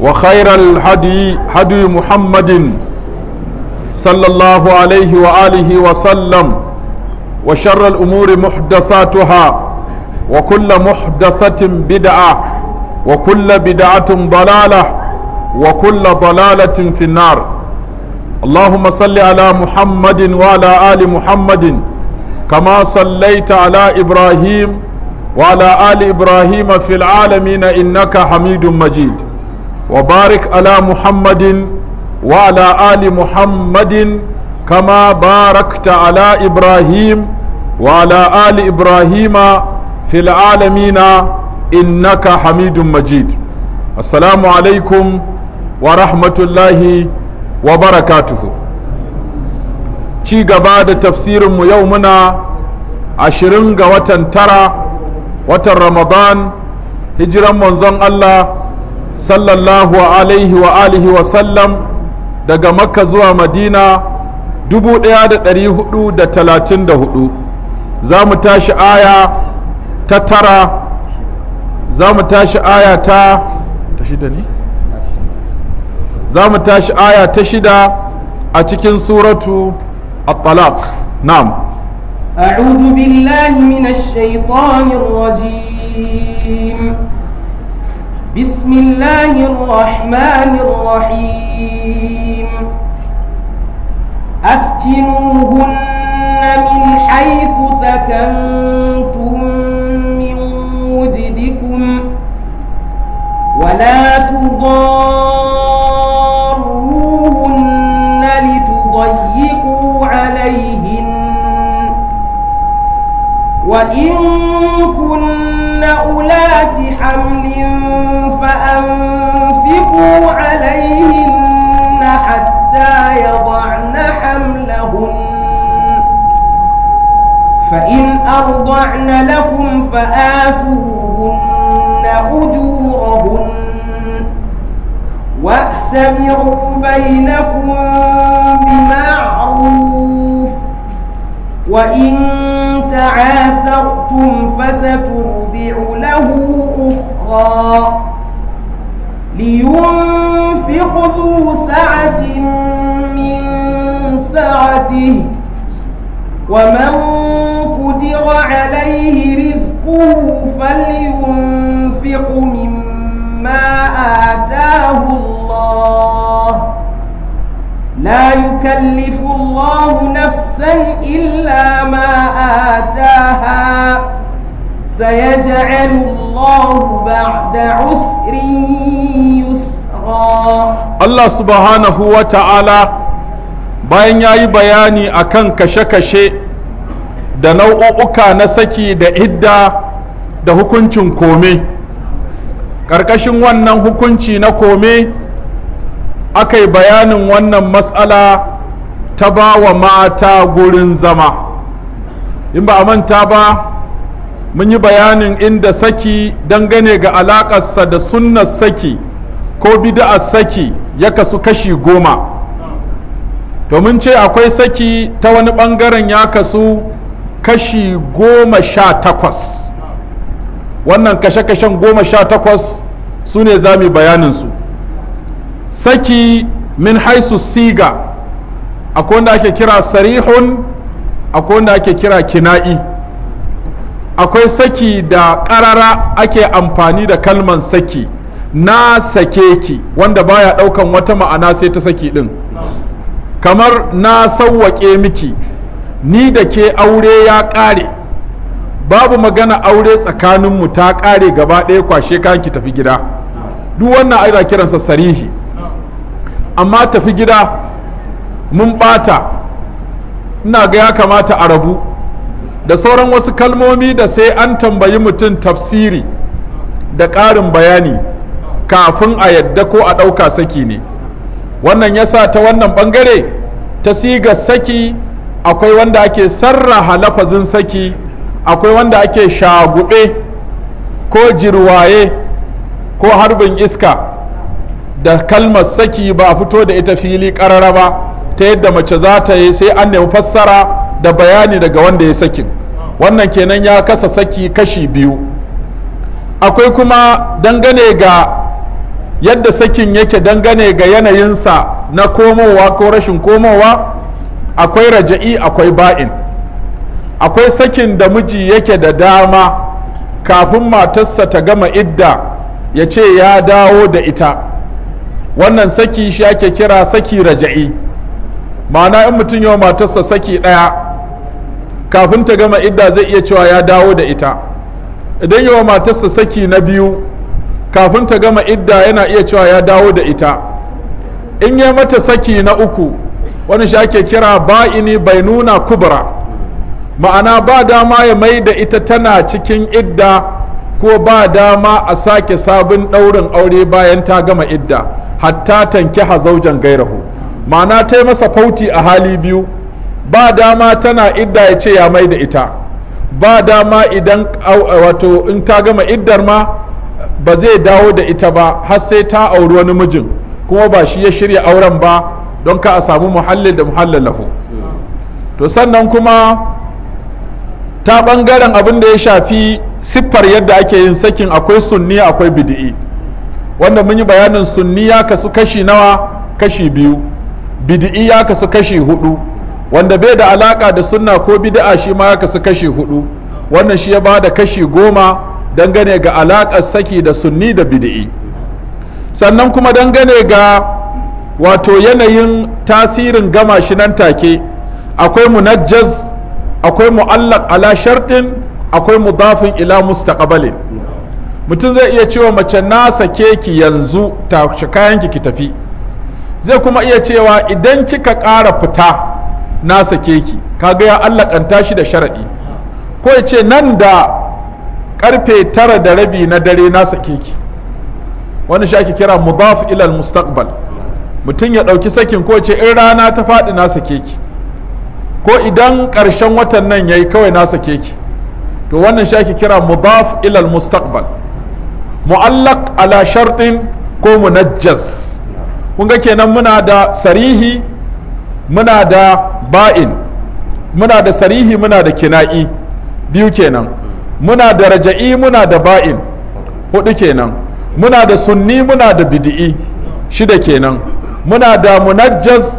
وخير الهدي هدي محمد صلى الله عليه وآله وسلم وشر الأمور محدثاتها وكل محدثة بدعة وكل بدعة ضلالة وكل ضلالة في النار اللهم صل على محمد وعلى آل محمد كما صليت على إبراهيم وعلى آل إبراهيم في العالمين إنك حميد مجيد وبارك على محمد وعلى آل محمد كما باركت على إبراهيم وعلى آل إبراهيم في العالمين إنك حميد مجيد السلام عليكم ورحمة الله وبركاته ci gaba da tafsirinmu yau muna ashirin ga watan tara watan ramadan hijiran manzon Allah sallallahu alaihi wa alihi wa sallam daga makka zuwa madina 1434 za mu tashi aya ta tara za mu tashi aya ta shida ne za mu tashi aya ta shida a cikin suratu at-talaq na'am أعوذ Billahi من الشيطان الرجيم بسم الله الرحمن الرحيم أسكنوهن من حيث سكنتم من وجدكم ولا تضاروهن لتضيقوا عليهن وإن كن أولات حمل فأنفقوا عليهن حتى يضعن حملهن فإن أرضعن لكم فآتوهن أجورهن وأتمروا بينكم بمعروف وإن تعاسرتم فسترون له أخرى لينفق ذو سعة من سعته ومن قدر عليه رزقه فلينفق مما آتاه الله لا يكلف الله نفسا إلا ما آتاها سيجعل الله بعد عسر يسرا الله سبحانه وتعالى bayan ya yi bayani a kan kashe-kashe da nau'o'uka na saki da idda da hukuncin kome ƙarƙashin wannan hukunci na kome aka yi bayanin wannan matsala ta ba wa mata gurin zama in ba a manta ba mun yi bayanin inda saki dangane ga alaƙarsa da sunnar saki ko bida'ar saki ya kasu kashi goma to mun ce akwai saki ta wani ɓangaren ya kasu kashi goma sha takwas wannan kashe-kashen goma sha takwas su ne za mu bayaninsu saki min haisu siga akwai wanda ake kira sarihun akwai wanda ake kira kina'i akwai saki da ƙarara ake amfani da kalman saki na sake ki wanda baya ɗaukan wata ma'ana sai ta saki ɗin kamar na sauwaƙe miki ni da ke aure ya ƙare babu magana aure tsakaninmu ta ƙare gaba ɗaya kwashe kanki ki tafi gida duk wannan aina kiransa sarihi amma tafi gida mun ɓata ina ga ya kamata a rabu da sauran wasu kalmomi da sai an tambayi mutum tafsiri da ƙarin bayani kafin a yadda ko a ɗauka saki ne wannan yasa ta wannan ɓangare ta siga saki akwai wanda ake sarraha lafazin saki akwai wanda ake shagube ko jirwaye ko harbin iska da kalmar saki ba fito da ita fili ƙarara ba ta yadda mace za ta yi sai an nemi fassara da bayani daga wanda ya sakin wannan kenan ya kasa saki kashi biyu akwai kuma dangane ga yadda sakin yake dangane ga yanayinsa na komowa ko rashin komowa akwai raja'i akwai ba'in akwai sakin da miji yake da dama kafin matarsa ta gama idda ya ce ya dawo da ita wannan saki shi ake kira saki raja'i ma'ana in mutum yau matarsa saki ɗaya kafin ta gama idda zai iya cewa ya dawo da ita idan yawa matarsa saki na biyu kafin ta gama idda yana iya cewa ya dawo da ita in ya mata saki na uku wani shi ake kira ba'ini bai nuna kubra ma'ana ba dama ya mai da ita tana cikin idda ko ba dama a sake sabon ɗaurin aure bayan ta gama idda hatta tanki hazaujan gairahu ma'ana ta yi masa fauti a hali biyu ba dama tana idda ya ce ya mai da ita ba dama idan wato in ta gama iddar ma ba zai dawo da ita ba har sai ta auri wani mijin kuma ba shi ya shirya auren ba don ka a samu muhallin da muhallalahu to sannan kuma ta ɓangaren abin da ya shafi siffar yadda ake yin sakin akwai sunni akwai bidi'i wanda mun yi bayanin sunni ya kasu kashi nawa kashi biyu bidi'i ya kasu kashi hudu wanda bai da alaka da sunna ko bid'a shi ma ya kasu kashi hudu wannan shi ya bada kashi goma dangane ga alakar saki da sunni da bid'i sannan kuma dangane ga wato yanayin tasirin gama shi nan take akwai munajjaz akwai mu'allaq ala shartin akwai mudafin ila mustaqbalin mutum zai iya cewa mace na sake ki yanzu ta kayan ki tafi zai kuma iya cewa idan kika ƙara fita na sake ki kaga ya allakanta shi da sharaɗi ko ya ce nan da karfe tara da rabi na dare na sake ki wani shi ake kira mudaf ilal mustaqbal mutum ya ɗauki sakin ko ce in rana ta faɗi na sake ki ko idan ƙarshen watan nan yayi kawai na sake ki to wannan shi ake kira mudaf ilal mustaqbal mu'allaq ala shartin ko munajjas kun ga kenan muna da sarihi muna da ba'in muna da sarihi muna da kina'i biyu kenan muna da raja'i muna da ba'in hudu kenan muna da sunni muna da bidi'i shida kenan muna da munajjaz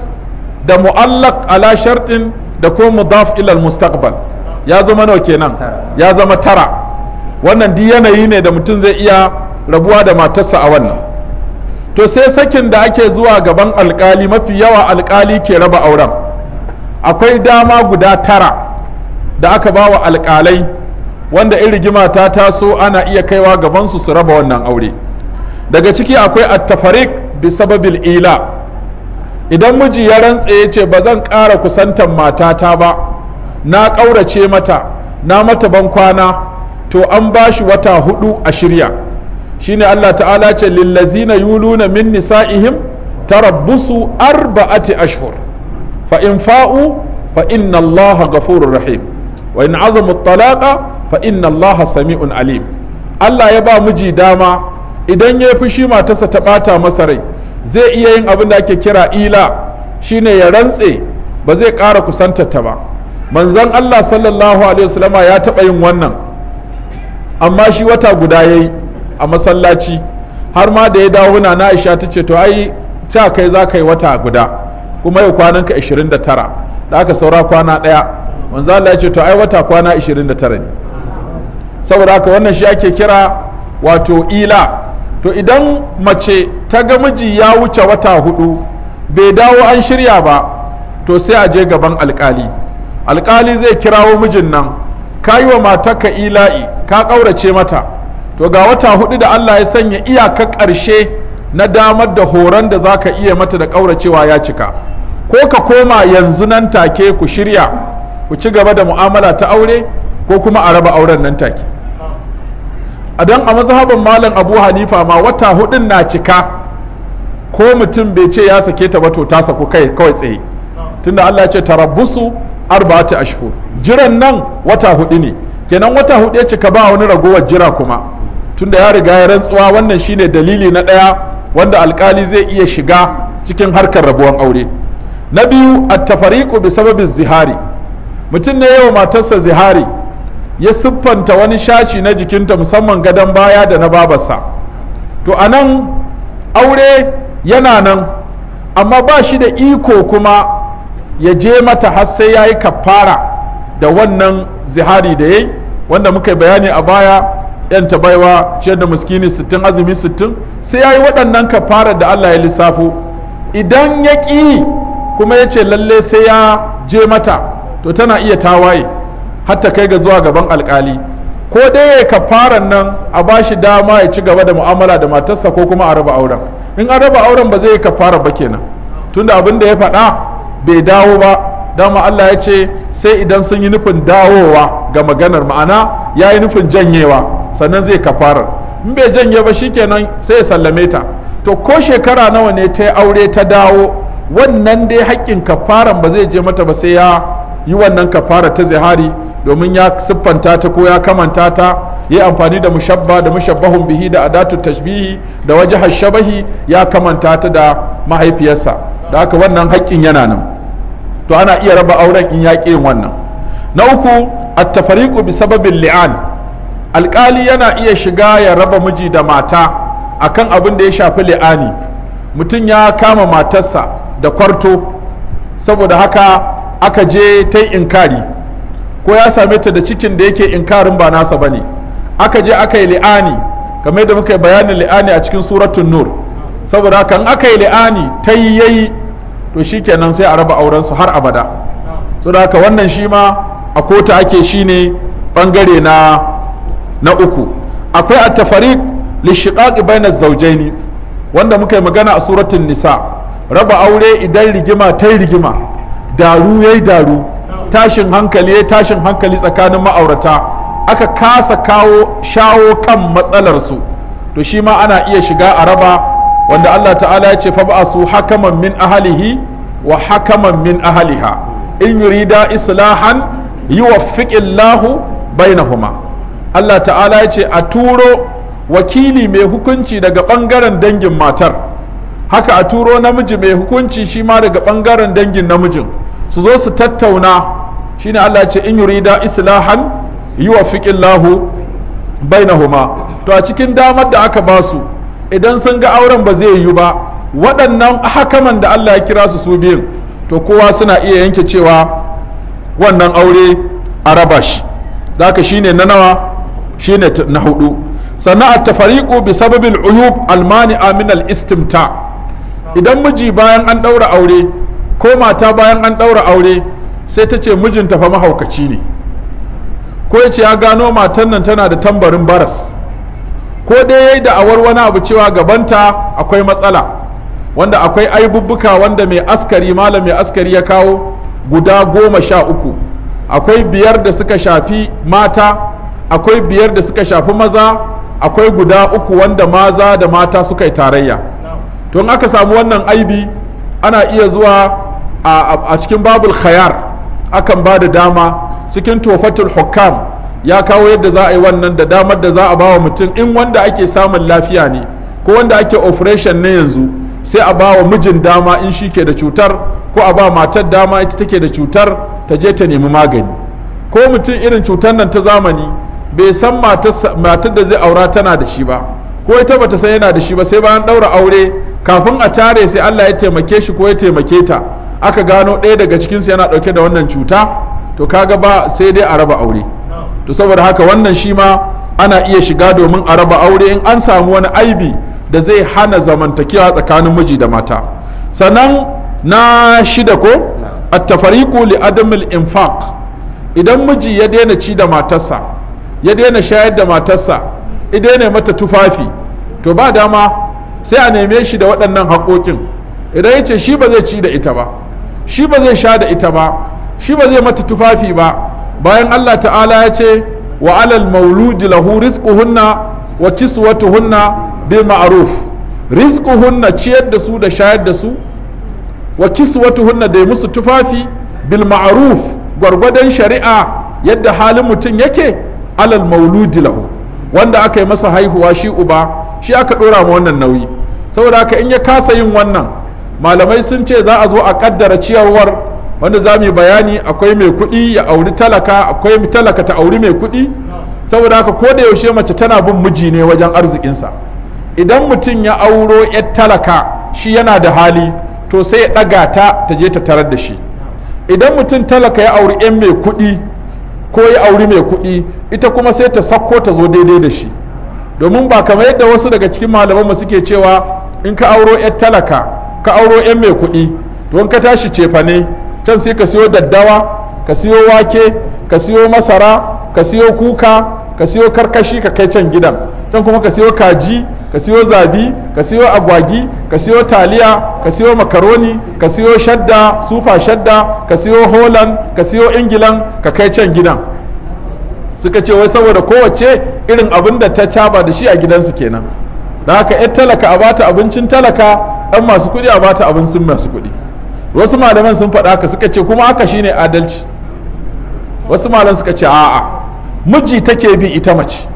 da mu'allak ala shartin da ko mudaf ilal mustaqbal ya zama nawa kenan ya zama tara wannan duk yanayi ne da mutum zai iya rabuwa da matarsa a wannan to sai sakin da ake zuwa gaban alkali mafi yawa alkali ke raba auren akwai dama guda tara da aka ba wa alkalai wanda in rigima ta taso ana iya kaiwa gabansu su raba wannan aure daga ciki akwai attafarik bi sababil ila idan miji ya rantse ya ce ba zan ƙara kusantar matata ba na ƙaurace mata na mata ban kwana to an ba shi wata hudu a shirya shine Allah ta'ala ce lillazina yuluna min nisa'ihim tarabbusu arba'ati ashhur fa in fa'u fa inna Allah ghafurur rahim wa in azamu talaqa fa inna Allah sami'un alim Allah ya ba miji dama idan ya fushi matarsa ta bata masa rai zai iya yin abin da ake kira ila shine ya rantse ba zai ƙara kusantata ba manzon Allah sallallahu alaihi wasallama ya taɓa yin wannan amma shi wata guda yayi a masallaci har ma da ya dawo na Aisha ta ce to ai ta kai za ka yi wata guda kuma yau kwanan ka 29 da aka saura kwana daya manzo Allah ya ce to ai wata kwana 29 ne saboda haka wannan shi ake kira wato ila to idan mace ta ga miji ya wuce wata hudu bai dawo an shirya ba to sai a je gaban alkali alkali zai kirawo mijin nan ka yi wa matarka ila'i ka ƙaurace mata to ga wata hudu da Allah ya sanya iyaka ƙarshe na damar da horon da za ka iya mata da ƙauracewa ya cika ko ka koma yanzu nan take ku shirya ku ci gaba da mu'amala ta aure ko kuma a raba auren nan take a don a mazhabin malam abu hanifa ma wata hudun na cika ko mutum bai ce ya sake ta ba to ta saku kai kawai tsaye tunda Allah ya ce tarabbusu arba'ati ashhur jiran nan wata hudu ne kenan wata hudu ya cika ba wani ragowar jira kuma tunda ya riga ya rantsuwa wannan shine dalili na ɗaya wanda alkali zai iya shiga cikin harkar rabuwan aure na biyu attafariqu bi sababin zihari mutum ne yawa matarsa zihari ya siffanta wani shashi na jikinta musamman gadon baya da na babarsa to a nan aure yana nan amma ba shi da iko kuma ya je mata har sai ya yi kafara da wannan zihari da ya wanda muka yi bayani a baya yan tabaiwa ciyar da muskini sittin azumi sittin sai ya yi waɗannan kafarar da Allah ya lissafo idan ya ƙi kuma ya ce lalle sai ya je mata to tana iya tawaye hatta kai ga zuwa gaban alkali ko dai ya kafarar nan a ba shi dama ya ci gaba da mu'amala da matarsa ko kuma a raba auren in an raba auren ba zai yi fara ba kenan tunda abin da ya faɗa bai dawo ba dama Allah ya ce sai idan sun yi nufin dawowa ga maganar ma'ana ya yi nufin janyewa sannan zai kafarar in bai janye ba shikenan sai ya sallame ta to ko shekara nawa ne ta aure ta dawo wannan dai haƙƙin kafaran ba zai je mata ba sai ya yi wannan kafara ta zihari domin ya siffanta ta ko ya kamanta ta ya yi amfani da mushabba da mushabbahun bihi da adatu tashbihi da waje hashabahi ya kamanta ta da mahaifiyarsa da haka wannan haƙƙin yana nan to ana iya raba auren in ya yin wannan na uku at tafariku bi sababin li'an alkali yana iya shiga ya raba miji da mata akan abin da ya shafi li'ani mutum ya kama matarsa da kwarto saboda haka aka je ta inkari ko ya same ta da cikin da yake inkarin ba nasa ba ne aka je aka yi li'ani game da muka yi bayanin li'ani a cikin suratun nur saboda haka in aka yi li'ani ta yi yayi to shi shikenan sai a raba aurensu har abada saboda haka wannan shi ma a kota ake ne bangare na na uku akwai at-tafariq li shiqaqi bayna wanda muka yi magana a suratun nisa raba aure idan rigima ta rigima daru yayi daru tashin hankali ya tashin hankali tsakanin ma'aurata aka kasa kawo shawo kan matsalar su to shi ma ana iya shiga a raba wanda Allah ta'ala ya ce fa fab'asu hakaman min ahalihi wa hakaman min ahaliha in yurida islahan yuwaffiqillahu bainahuma Allah ta'ala ya ce a turo wakili mai hukunci daga ɓangaren dangin matar haka a turo namiji mai hukunci shi ma daga bangaren dangin namijin su zo su tattauna shi ne Allah ce in yurida islahan yi wa na bainahuma to a cikin damar da aka ba su idan sun ga auren ba zai yiwu ba waɗannan hakaman da Allah ya kira su su biyun to kowa suna iya yanke cewa wannan aure a raba shi shine na nawa shine na hudu sannan a tafariqu bi sababin uyub almani aminal istimta idan miji bayan an ɗaura aure ko mata bayan an ɗaura aure sai ta ce mijinta fa mahaukaci ne ko ya ce ya gano matan nan tana da tambarin baras ko dai yayi da da'awar wani abu cewa gabanta akwai matsala wanda akwai aibubbuka wanda mai askari malam mai askari ya kawo guda goma sha uku akwai biyar da suka shafi mata akwai biyar da suka shafi maza akwai guda uku wanda maza da mata suka yi tarayya to in aka samu wannan aibi ana iya zuwa a cikin babul khayar akan ba da dama cikin tofatul hukam ya kawo yadda za a yi wannan da damar da za a bawa mutum in wanda ake samun lafiya ne ko wanda ake operation na yanzu sai a bawa mijin dama in shi ke da cutar ko a ba matar dama ita take da cutar ta je ta nemi magani ko mutum irin cutar nan ta zamani bai san matar da zai aura tana da shi ba ko ita bata san yana da shi ba sai bayan ɗaura aure kafin a tare sai Allah ya taimake shi ko ya taimake ta aka gano ɗaya daga cikinsu yana ɗauke da wannan cuta to kaga ba sai dai a raba aure to saboda haka wannan shi ma ana iya shiga domin a raba aure in an samu wani aibi da zai hana zamantakewa tsakanin miji da mata sannan na shida ko at-tafariqu li adamil infaq idan miji ya daina ci da matarsa ya daina shayar da matarsa ya ne mata tufafi to ba dama sai a neme shi da waɗannan haƙoƙin idan ya ce shi ba zai ci da ita ba shi ba zai sha da ita ba shi ba zai mata tufafi ba bayan allah ta'ala ya ce wa alal mauludi lahu rizquhunna wa kiswatuhunna bil ma'ruf rizquhunna ciyar da su da shayar da su wa kiswatuhunna da musu tufafi bil ma'ruf gwargwadon shari'a yadda halin mutum yake alal mauludi lahu wanda aka yi masa haihuwa shi uba shi aka dora ma wannan nauyi saboda haka in ya kasa yin wannan malamai sun ce za a zo a kaddara ciyarwar wanda za mu yi bayani akwai mai kuɗi ya auri talaka akwai talaka ta auri mai kuɗi saboda haka ko da yaushe mace tana bin miji ne wajen arzikinsa idan mutum ya auro 'yar talaka shi yana da hali to sai ya ɗaga ta ta je ta tarar da shi idan mutum talaka ya auri 'yan mai kuɗi ko ya auri mai kuɗi ita kuma sai ta sakko ta zo daidai da shi domin ba kamar yadda wasu daga cikin mu suke cewa in ka auro 'yan talaka ka auro 'yan mai kuɗi to in ka tashi cefane can sai ka siyo daddawa ka siyo wake ka siyo masara ka siyo kuka ka siyo karkashi ka kai can gidan can kuma ka siyo kaji ka siyo zabi ka siyo agwagi ka siyo taliya ka siyo makaroni ka siyo shadda sufa shadda ka siyo holan ka siyo ingilan ka kai can gidan suka ce wai saboda kowace irin abin da ta caba da shi a gidansu kenan da haka yar talaka a bata abincin talaka ɗan masu kuɗi a bata abincin masu kuɗi wasu malaman sun faɗa haka suka ce kuma haka shine adalci wasu malaman suka ce a'a miji take bi ita mace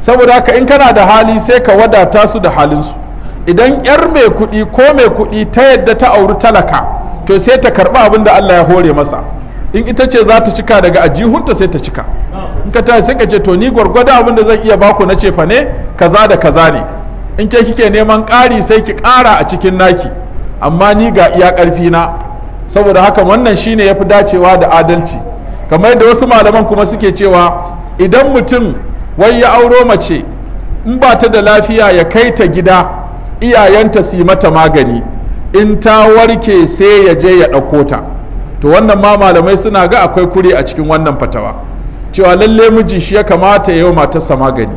saboda haka in kana da hali sai ka wadata su da halinsu idan yar mai kuɗi ko mai kuɗi ta yadda ta auri talaka to sai ta karɓi abin da Allah ya hore masa in ita ce za ta cika daga ajihunta sai ta cika in ka ta sai ka ce to ni gwargwada abin da zan iya baku na cefa ne kaza da kaza ne in ke kike neman ƙari sai ki ƙara a cikin naki amma ni ga iya ƙarfi na saboda haka wannan shine yafi dacewa da adalci kamar da wasu malaman kuma suke cewa idan mutum wai ya auro mace in ba ta da lafiya ya kai ta gida iyayenta su yi mata magani in ta warke sai ya je ya ɗauko ta to wannan ma malamai suna ga akwai kuri a cikin wannan fatawa cewa lalle miji shi ya kamata ya yi matarsa magani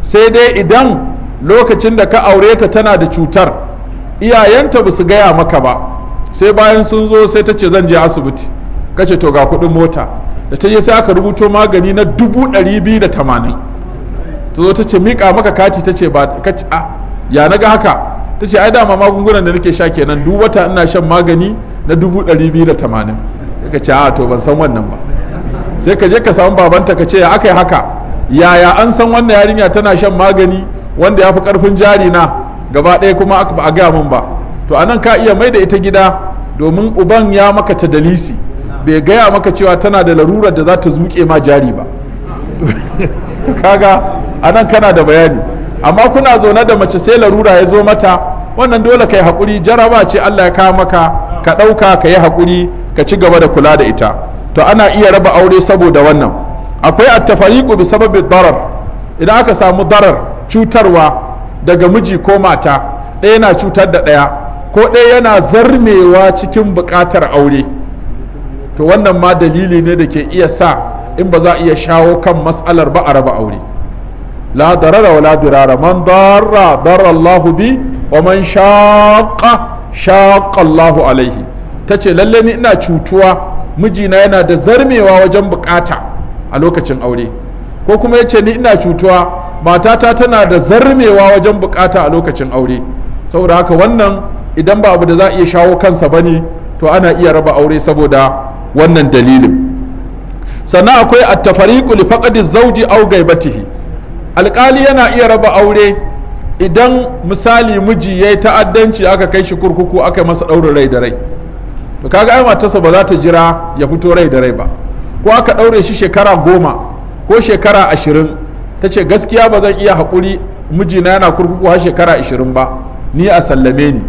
sai dai idan lokacin da ka aure ta tana da cutar iyayenta ba su gaya maka ba sai bayan sun zo sai ta ce zan je asibiti kace to ga kuɗin mota da ta je sai aka rubuto magani na dubu ɗari biyu da tamanin ta zo ta ce miƙa maka kati ta ce ba a ya na ga haka ta ce ai dama magungunan da nake sha kenan duk wata ina shan magani na dubu ɗari biyu da tamanin ka ce a to ban san wannan ba sai ka je ka samu babanta ka ce ya aka yi haka yaya an san wannan yarinya tana shan magani wanda ya fi ƙarfin jari na gaba ɗaya kuma ba a gaya min ba to anan ka iya mai da ita gida domin uban ya maka ta dalisi bai gaya maka cewa tana da larurar da za ta zuke ma jari ba kaga anan kana da bayani amma kuna zaune da mace sai larura ya zo mata wannan dole ka yi haƙuri jaraba ce allah ya kawo maka ka ɗauka ka yi haƙuri ka ci gaba da kula da ita to ana iya raba aure saboda wannan akwai attafariqu bi sababi darar idan aka samu darar cutarwa daga miji ko mata ɗaya na cutar da ɗaya ko ɗaya yana zarmewa cikin buƙatar aure to wannan ma dalili ne da ke iya sa in ba za a iya shawo kan matsalar ba a raba aure la darara wa la dirara man darra darra Allah bi wa man shaqa shaqa Allah alaihi tace lalle ni ina cutuwa mijina yana da zarmewa wajen bukata a lokacin aure ko kuma yace ni ina cutuwa matata tana da zarmewa wajen bukata a lokacin aure saboda haka wannan idan ba abu da za a iya shawo kansa bane to ana iya raba aure saboda wannan dalilin sannan akwai attafariku li faqadi zawji aw gaibatihi alkali yana iya raba aure idan misali miji yayi ta'addanci aka kai shi kurkuku aka masa ɗaurin rai da rai to kaga ai matarsa ba za ta jira ya fito rai da rai ba ko aka ɗaure shi shekara goma ko shekara ashirin ta ce gaskiya ba zan iya haƙuri mijina yana kurkuku har shekara ashirin ba ni a sallame ni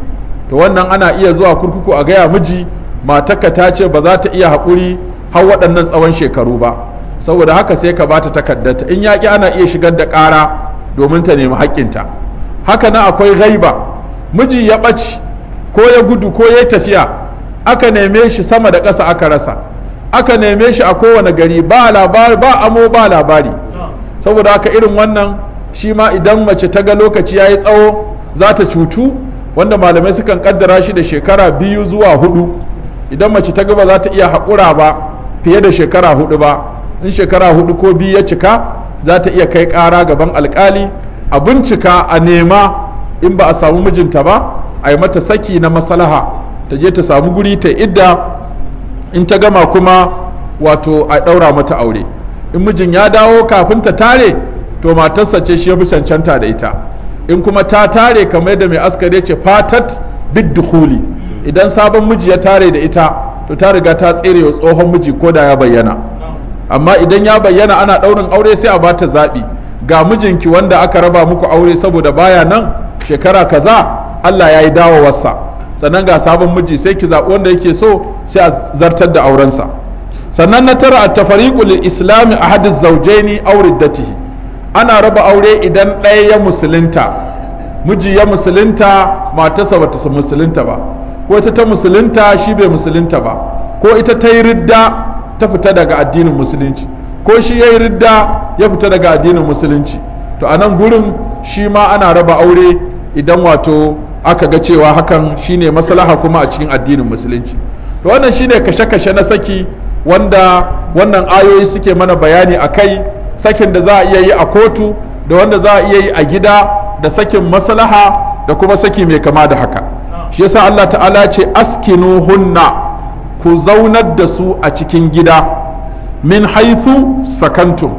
to wannan ana iya zuwa kurkuku a gaya miji matarka ta ce ba za ta iya haƙuri har waɗannan tsawon shekaru ba saboda haka sai ka bata takaddata in yaƙi ana iya shigar da ƙara domin ta nemi haƙƙinta haka na akwai gaiba miji ya ɓaci ko ya gudu ko ya tafiya aka neme shi sama da ƙasa aka rasa aka neme shi a kowane gari ba labari ba amo ba labari saboda haka irin wannan shi ma idan mace ta ga lokaci ya yi tsawo za ta cutu wanda malamai sukan kaddara shi da shekara biyu zuwa hudu idan mace ta gaba za ta iya haƙura ba fiye da shekara hudu ba in shekara hudu ko biyu ya cika za ta iya kai ƙara gaban alƙali. a bincika a nema in ba a samu mijinta ba a yi mata saki na masalaha ta je ta samu guri ta idda in ta gama kuma wato a ɗaura mata aure in mijin ya dawo kafin ta tare to matarsa ce shi ya fi cancanta da ita in kuma ta tare kamar da mai askari ce fatat bid dukuli idan sabon miji ya tare da ita to ta riga ta tsere wa tsohon miji ko da ya bayyana amma idan ya bayyana ana ɗaurin aure sai a bata zaɓi ga mijinki wanda aka raba muku aure saboda baya nan shekara kaza Allah ya yi dawowarsa sannan ga sabon miji sai ki zaɓi wanda yake so sai a zartar da aurensa sannan na tara a tafariƙu lil islami a hadis zaujaini aure datihi ana raba aure idan ɗaya ya musulunta miji ya musulunta matarsa bata musulunta ba ko ita ta musulunta shi bai musulunta ba ko ita ta yi ridda ta fita daga addinin musulunci ko shi ya yi ridda ya fita daga addinin musulunci to a nan gurin shi ma ana raba aure idan wato aka ga cewa hakan shine maslaha kuma a cikin addinin musulunci to wannan shine kashe-kashe na saki wanda wannan ayoyi suke mana bayani a kai sakin da za a iya yi a kotu da wanda za a iya yi a gida da sakin maslaha da kuma saki mai kama da haka shi yasa Allah ta'ala ce askinu hunna ku zaunar da su a cikin gida min haifu sakantum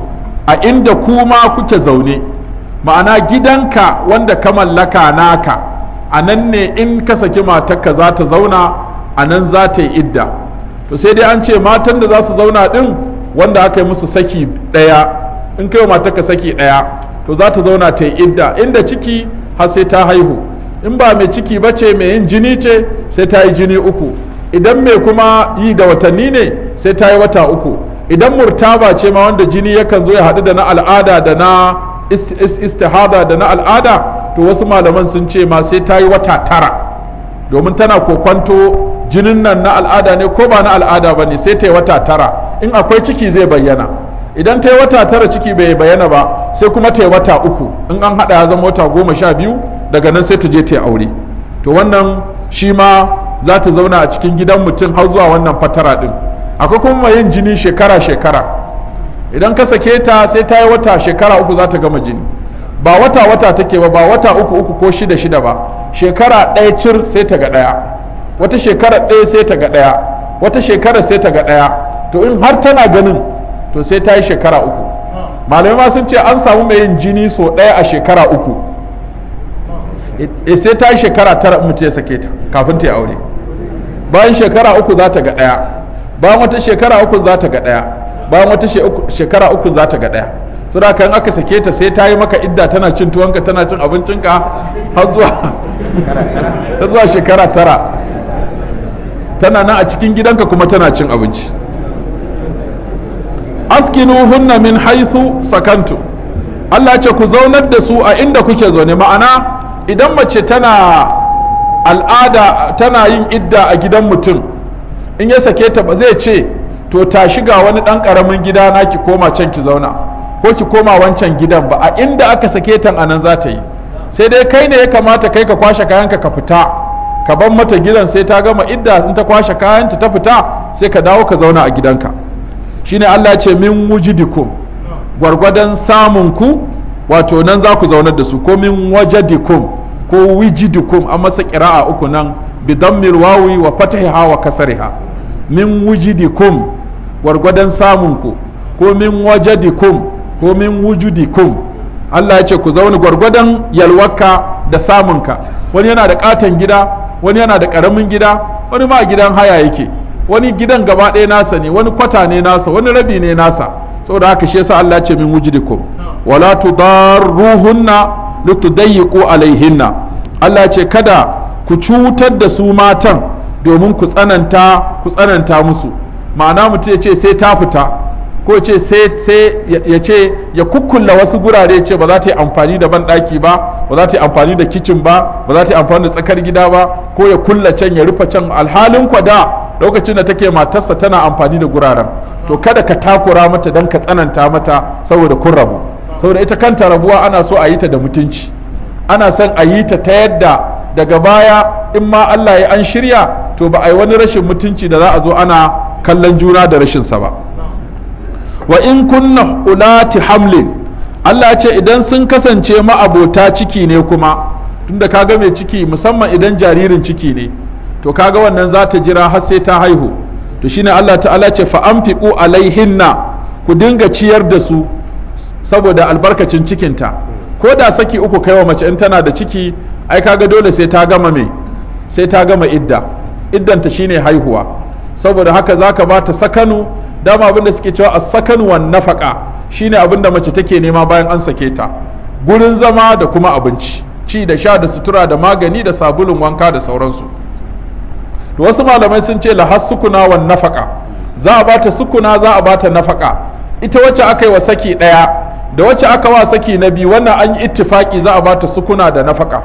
a inda kuma kuke zaune ma'ana gidanka wanda ka mallaka naka a nan ne in ka saki matarka za ta zauna a nan za ta yi idda to sai dai an ce matan da za su zauna din wanda aka yi musu saki ɗaya in kai matarka saki ɗaya to za ta zauna ta yi idda inda ciki har sai ta haihu in ba mai ciki ba ce mai yin jini ce sai ta yi jini uku idan mai kuma yi da watanni ne sai ta yi wata uku idan murtaba ce ma wanda jini yakan zo ya haɗu da na al'ada da na istihada da na al'ada to wasu malaman sun ce ma sai ta yi wata tara domin tana kokwanto jinin nan na al'ada ne ko ba na al'ada ba ne sai ta yi wata tara in akwai ciki zai bayyana idan ta yi wata tara ciki bai bayyana ba sai kuma ta yi wata uku in an haɗa ya zama wata goma sha biyu daga nan sai ta je ta yi aure to wannan shi ma za ta zauna a cikin gidan mutum har zuwa wannan fatara din akwai kuma mai yin jini shekara shekara idan ka sake ta sai ta yi wata shekara uku za ta gama jini ba wata wata take ba ba wata uku uku ko shida shida ba shekara ɗaya cir sai ta ga ɗaya wata shekara ɗaya sai ta ga ɗaya wata shekara sai ta ga ɗaya to in har tana ganin to sai ta yi shekara uku malamai ma sun ce an samu mai yin jini sau ɗaya a shekara uku Eh, sai ta yi shekara tara mutu ya sake ta kafin ta yi aure bayan shekara uku za ta ga ɗaya bayan wata shekara uku za ta ga ɗaya bayan wata shekara uku za ta ga ɗaya su da kan aka sake ta sai ta yi maka idda tana cin tuwonka tana cin abincinka har zuwa shekara tara tana nan a cikin gidanka kuma tana cin abinci afkinuhunna min haithu sakantu Allah ce ku zaunar da su a inda kuke zaune ma'ana idan mace tana al'ada tana yin idda a gidan mutum in ya sake ta ba zai ce to ta shiga wani ɗan ƙaramin gida na ki koma can ki zauna ko ki koma wancan gidan ba a inda aka sake ta a nan za ta yi sai dai kai ne ya kamata kai ka kwashe kayanka ka fita ka ban mata gidan sai ta gama idda in ta kwashe kayanta ta fita sai ka dawo ka zauna a gidanka shine Allah ce min wujidikum gwargwadon samun ku wato nan za ku zaunar da su ko min wajadikum ko wujidukum an masa a uku nan bi dammil wawi wa fathiha wa kasariha min wujidikum gwargwadon samun ku ko min wajadikum ko min wujudikum Allah ya ce ku zauna gwargwadon yalwarka da samunka wani yana da katon gida wani yana da karamin gida wani ma gidan haya yake wani gidan gaba ɗaya nasa ne wani kwata ne nasa wani rabi ne nasa saboda haka shi yasa Allah ya ce min wujudikum wala tudarruhunna litudayyiqu alaihinna Allah ce kada ku cutar da su matan domin ku tsananta ku tsananta musu ma'ana mutum ya ce sai ta fita ko ce sai ya ce ya kukkulla wasu gurare ce ba za ta yi amfani da ban daki ba ba za ta yi amfani da kicin ba ba za ta yi amfani da tsakar gida ba ko ya kulla can ya rufe can alhalin da lokacin da take matarsa tana amfani da guraren to kada ka takura mata don ka tsananta mata saboda kun rabu saboda ita kanta rabuwa ana so a yi ta da mutunci ana son a yi ta ta yadda daga baya in ma Allah ya an shirya to ba a yi wani rashin mutunci da za a zo ana kallon juna da rashin sa ba wa in kunna ulati hamlin Allah ce idan sun kasance ma'abota ciki ne kuma tunda kaga mai ciki musamman idan jaririn ciki ne to kaga wannan za ta jira har sai ta haihu to shine Allah ta'ala ce fa anfiqu alaihinna ku dinga ciyar da su saboda albarkacin cikinta ko da saki uku kaiwa mace in tana da ciki ai kaga dole sai ta gama me sai ta gama idda iddanta shine haihuwa saboda haka zaka ba ta sakanu dama abin da suke cewa a sakanu wan nafaka shine da mace take nema bayan an sake ta gurin zama da kuma abinci ci da sha da sutura da magani da sabulun wanka da sauransu to wasu malamai sun ce lahas sukuna wan nafaka za a bata sukuna za a bata nafaka ita wacce aka yi wa saki ɗaya da wacce aka wa saki na biyu wannan an yi ittifaki za a bata sukuna da nafaka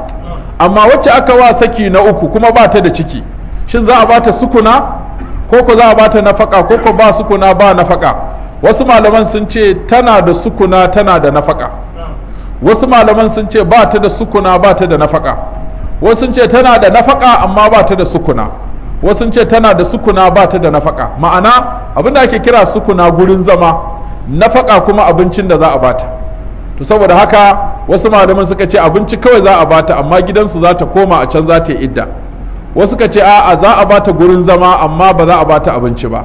amma wacce aka wa saki na uku kuma ba ta da ciki shin za a bata sukuna ko ko za a bata nafaka ko ko ba sukuna ba nafaka wasu malaman sun ce tana da sukuna tana da nafaka wasu malaman sun ce ba ta da sukuna ba ta da nafaka wasu sun ce tana da nafaka amma ba ta da sukuna wasu sun ce tana da sukuna ba ta da nafaka ma'ana abinda ake kira sukuna gurin zama nafaka kuma abincin da za a bata to saboda haka wasu malaman suka ce abinci kawai za a bata amma gidansu za ta koma a can za ta yi idda wasu suka ce a'a za a bata gurin zama amma ba za a bata abinci ba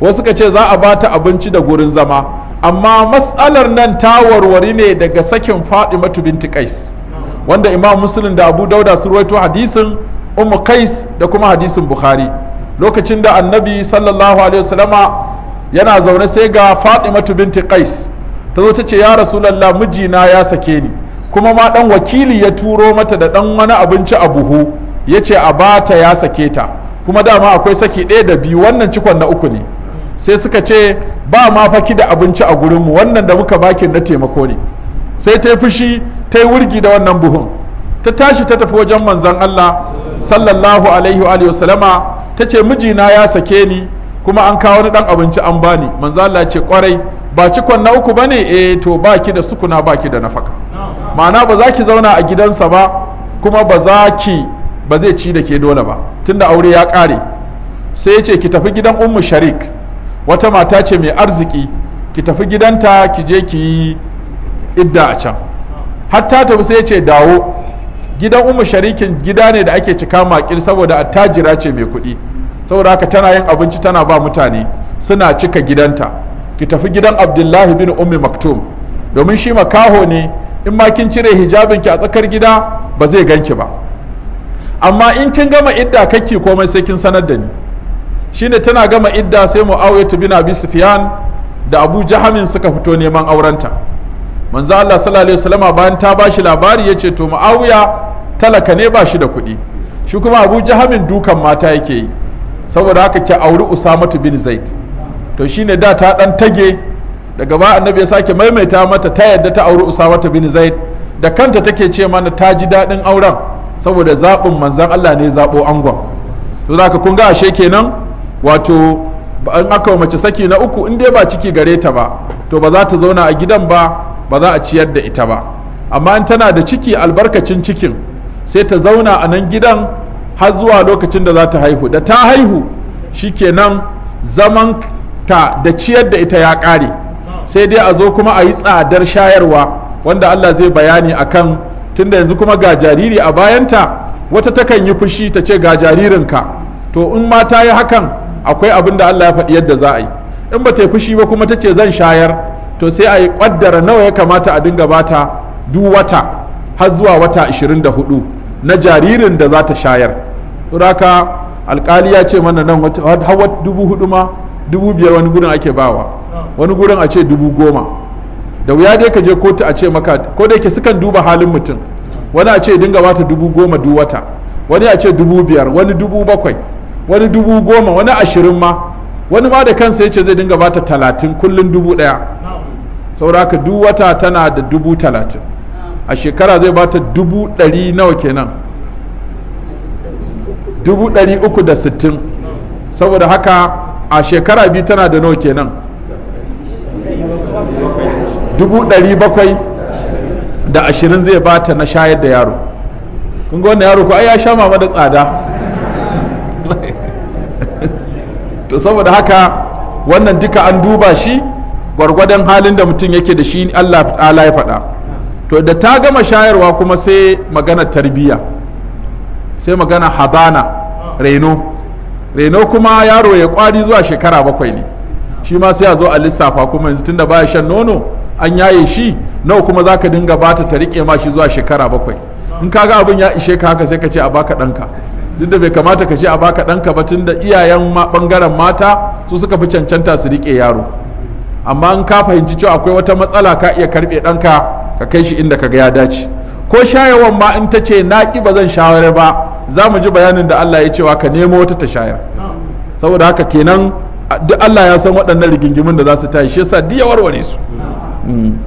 wasu suka ce za a bata abinci da gurin zama amma matsalar nan ta warware ne daga sakin Fatimatu binti Qais wanda Imam Muslim da Abu Dauda sun rawaito hadisin Ummu Qais da kuma hadisin Bukhari lokacin da Annabi sallallahu alaihi wasallama yana zaune sai ga fatimatu binti qais ta zo ta ce ya lalla mijina ya sake ni kuma ma dan wakili ya turo mata da dan wani abinci a buhu ya ce a bata ya sake ta kuma dama akwai saki ɗaya da biyu wannan cikon na uku ne sai suka ce ba ma faki da abinci a gurinmu wannan da muka baki na taimako ne sai ta fushi ta yi wurgi da wannan buhun ta tashi ta tafi wajen manzon Allah sallallahu alaihi wa sallama ta ce mijina ya sake ni kuma an kawo ni dan abinci an bani manzo Allah ce kwarai ba cikon na uku bane eh to baki da sukuna baki da nafaka ma'ana ba za ki zauna a gidansa ba kuma ba za ki ba zai ci da ke dole ba tunda aure ya kare sai ya ce ki tafi gidan ummu sharik wata mata ce mai arziki ki tafi gidanta ki je ki yi idda a can hatta tafi sai ya ce dawo gidan ummu sharikin gida ne da ake cika makil saboda attajira ce mai kuɗi saboda haka tana yin abinci tana ba mutane suna cika gidanta ki tafi gidan abdullahi bin ummi maktum domin shi makaho ne in ma kin cire hijabinki a tsakar gida ba zai ganki ba amma in kin gama idda kake komai sai kin sanar da ni shine tana gama idda sai mu'awiyatu bin abi sufyan da abu jahamin suka fito neman aurenta manzo Allah sallallahu alaihi wasallama bayan ta bashi labari yace to mu'awiya talaka ne bashi da kuɗi shi kuma abu jahamin dukan mata yake yi saboda haka ki auri usamatu bin zaid to shine da ta dan tage daga ba annabi ya sake maimaita mata ta yadda ta auri usamatu bin zaid da kanta take ce mana ta ji daɗin auren saboda zaɓin manzan Allah ne zaɓo angon to zaka kun ga ashe kenan wato an aka mace saki na uku in dai ba ciki gare ta ba to ba za ta zauna a gidan ba ba za a ciyar da ita ba amma in tana da ciki albarkacin cikin sai ta zauna a nan gidan har zuwa lokacin da za ta haihu da ta haihu shi shikenan zaman ta da ciyar da ita ya ƙare sai dai a zo kuma a yi tsadar shayarwa wanda Allah zai bayani a akan tunda yanzu kuma ga jariri a bayanta wata takan yi fushi ta ce ga jaririnka to in ma ta yi hakan akwai abin da Allah ya faɗi yadda za a yi in ba ta yi fushi ba kuma ta ce zan shayar to sai a yi ƙwaddara nawa ya kamata a dinga bata duk wata har zuwa wata 24 na jaririn da za ta shayar turaka alkali ya ce mana nan hawa dubu hudu ma dubu biyar wani gurin ake bawa wani gurin a ce dubu goma da wuya dai ka je kotu a ce maka ko da yake sukan duba halin mutum wani a ce dinga bata dubu goma duk wata wani a ce dubu biyar wani dubu bakwai wani dubu goma wani ashirin ma wani ma da kansa ya ce zai dinga bata talatin kullum dubu ɗaya sauraka duk wata tana da dubu talatin a shekara zai bata dubu ɗari nawa kenan 360 saboda haka a shekara biyu tana da nawa kenan 700 da ashirin zai bata na shayar da yaro kun ga wannan yaro ko ai ya sha mama da tsada to saboda haka wannan duka an duba shi gwargwadon halin da mutum yake da shi Allah ya faɗa to da ta gama shayarwa kuma sai magana tarbiyya sai magana habana reno reno kuma yaro ya kwari zuwa shekara bakwai ne shi ma sai a zo a lissafa kuma yanzu tunda baya shan nono an yaye shi nawa kuma zaka dinga bata ta rike ma shi zuwa shekara bakwai in ka ga abin ya ishe ka haka sai ka ce a baka ɗanka duk da bai kamata ka ce a baka ɗanka ba tunda iyayen bangaren mata su suka fi cancanta su rike yaro amma in ka fahimci cewa akwai wata matsala ka iya karɓe ɗanka ka kai shi inda ka ga ya dace ko shayawan ma in ta ce na ƙi ba zan shawarar ba za mu ji bayanin da Allah ya cewa ka nemo wata ta shayar saboda haka kenan duk Allah ya san waɗannan rigingimin da za su tashi shi yasa ya warware su mm.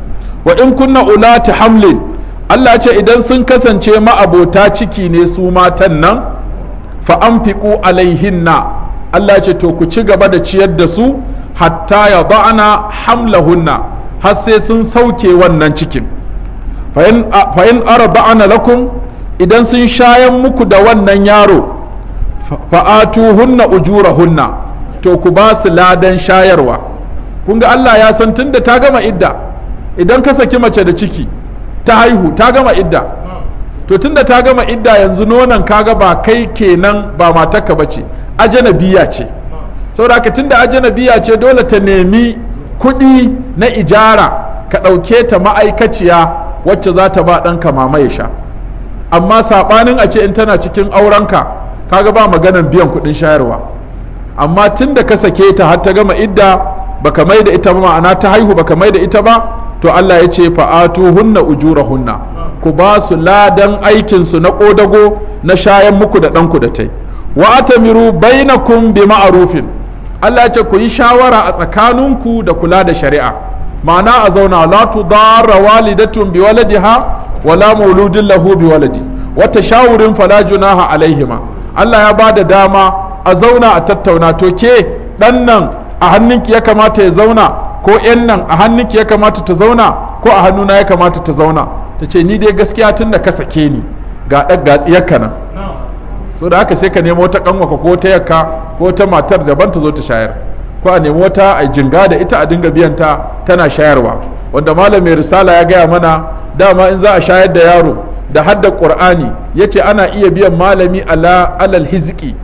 wa in kunna ulati hamlin Allah ce idan sun kasance ma'abota ciki ne su matan nan fa anfiqu alaihinna Allah ce to ku ci gaba da ciyar da su hatta ya ba'ana hamlahunna har sai sun sauke wannan cikin fa in arba'ana lakum idan sun shayan muku da wannan yaro fa'atu hunna ujura hunna to ku ba su ladan shayarwa kun ga Allah ya san tunda ta gama idda idan ka saki mace da ciki ta haihu ta gama idda to tunda ta gama idda yanzu nonon kaga ba kai kenan ba matarka bace ajanabiya ce saboda haka tunda ajanabiya ce dole ta nemi kuɗi na ijara ka ɗauke ta ma'aikaciya wacce za ta ba ɗanka mama ya sha amma saɓanin a ce in tana cikin aurenka kaga ba maganan biyan kuɗin shayarwa amma tun da ka sake ta har ta gama idda baka mai da ita ba ma'ana ta haihu baka mai da ita ba to Allah ya ce fa'atu hunna ujura hunna ku ba su ladan aikinsu na ƙodago na shayan muku da ɗanku da tai wa atamiru bainakum bi ma'rufin Allah ya ce ku yi shawara a tsakaninku da kula da shari'a ma'ana a zauna la tudarra walidatun bi waladiha wala mauludin lahu bi waladi wata shawurin fala junaha alaihima Allah ya ba da dama a zauna a tattauna to ke dan nan a hannunki ya kamata ya zauna ko yan nan a hannunki ya kamata ta zauna ko a hannuna ya kamata ta zauna ta ce ni dai gaskiya tun da ka sake ni ga ga tsiyarka nan so da haka sai ka nemo ta kanwaka ko ta yakka ko ta matar daban ta zo ta shayar ko a nemo ta a jinga da ita a dinga biyan ta tana shayarwa wanda malam mai risala ya gaya mana dama in za a shayar da yaro da hadda qur'ani yace ana iya biyan malami ala alal hizqi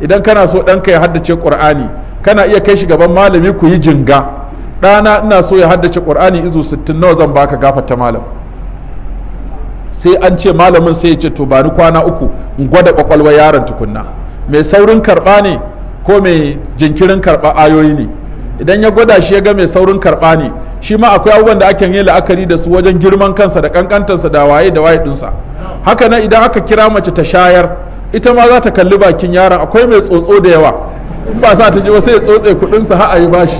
idan kana so ɗanka ya haddace qur'ani kana iya kai shi gaban malami ku yi jinga ɗana ina so ya haddace qur'ani izu 60 nawa zan baka gafarta malam sai an ce malamin sai ya ce to bani kwana uku in gwada kwakwalwar yaron tukunna mai saurin karɓa ne ko mai jinkirin karɓa ayoyi ne idan ya gwada shi ya ga mai saurin karɓa ne shi ma akwai abubuwan da ake yi la'akari da su wajen girman kansa da kankantarsa da waye da waye dinsa haka nan idan aka kira mace ta shayar ita ma za ta kalli bakin yaron akwai mai tsotso da yawa ba sa ta ji wasu ya tsotse kudinsa har a yi bashi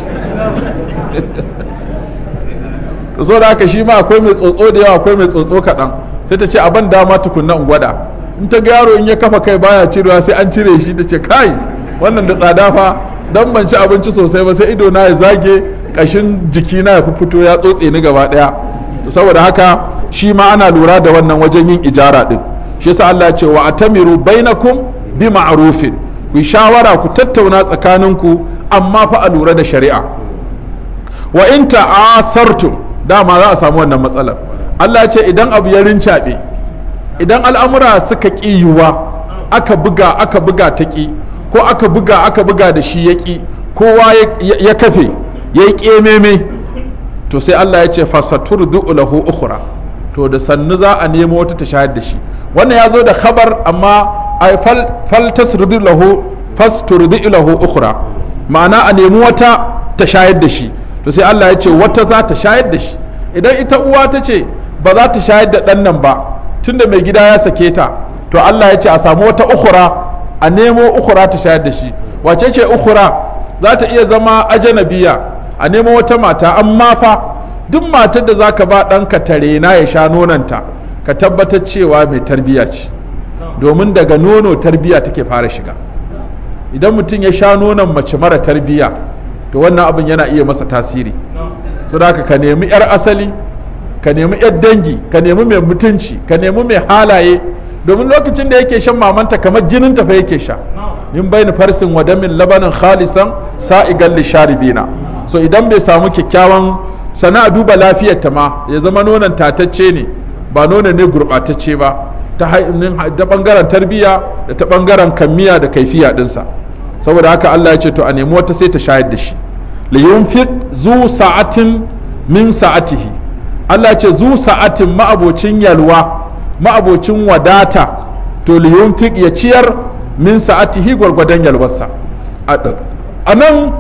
ta zo da haka shi ma akwai mai tsotso da yawa akwai mai tsotso kaɗan sai ta ce a ban dama tukunna in gwada in ta ga yaro in ya kafa kai baya cirewa sai an cire shi ta ce kai wannan da tsada fa dan ban ci abinci sosai ba sai ido na ya zage kashin jikina ya fito ya tsotse ni gaba daya saboda haka shi ma ana lura da wannan wajen yin ijara din shi yasa Allah ya ce wa atamiru bainakum bi ma'rufin ku shawara ku tattauna tsakaninku amma fa a lura da shari'a wa in ta'asartum dama za a samu wannan matsalar Allah ce idan abu ya rincaɓe idan al'amura suka ƙi yiwuwa aka buga aka buga ta ƙi ko aka buga aka buga da shi ya ƙi kowa ya kafe ya yi ƙememe to sai Allah ya ce fasatur lahu ukhra to da sannu za a nemo wata ta shayar da shi wannan ya zo da khabar amma ai fal fal tasrudu lahu fasturdu lahu ukhra ma'ana a nemi wata ta shayar da shi to sai Allah ya ce wata za ta shayar da shi idan ita uwa ta ce ba za ta shayar da dan nan ba tunda mai gida ya sake ta to Allah ya ce a samu wata ukhra a nemo ukhra ta shayar da shi wace ce ukhra za ta iya zama ajanabiya a neman wata mata amma fa duk matar da zaka ba ɗan ka tare na ya sha nonanta ka tabbatar cewa mai tarbiyya ce domin daga nono tarbiya take fara shiga idan mutum ya sha nonon mace mara tarbiyya to wannan abin yana iya masa tasiri su da ka nemi 'yar asali ka nemi 'yar dangi ka nemi mai mutunci ka nemi mai halaye domin lokacin da yake shan mamanta kamar jinin tafa yake sha in bai ni farsin wadamin labanin khalisan sa'igan sharibina so idan bai samu kyakkyawan sana'a duba lafiyar ta ma ya zama nonon tatacce ne ba nonon ne gurɓatacce ba ta bangaren tarbiyya da ta ɓangaren kammiya da kaifiya ɗinsa saboda haka Allah ya ce to a nemi wata sai ta shayar da shi li yunfiq zu sa'atin min sa'atihi Allah ya ce zu sa'atin ma'abocin yalwa ma'abocin wadata to li yunfiq ya ciyar min sa'atihi gwargwadon yalwarsa a nan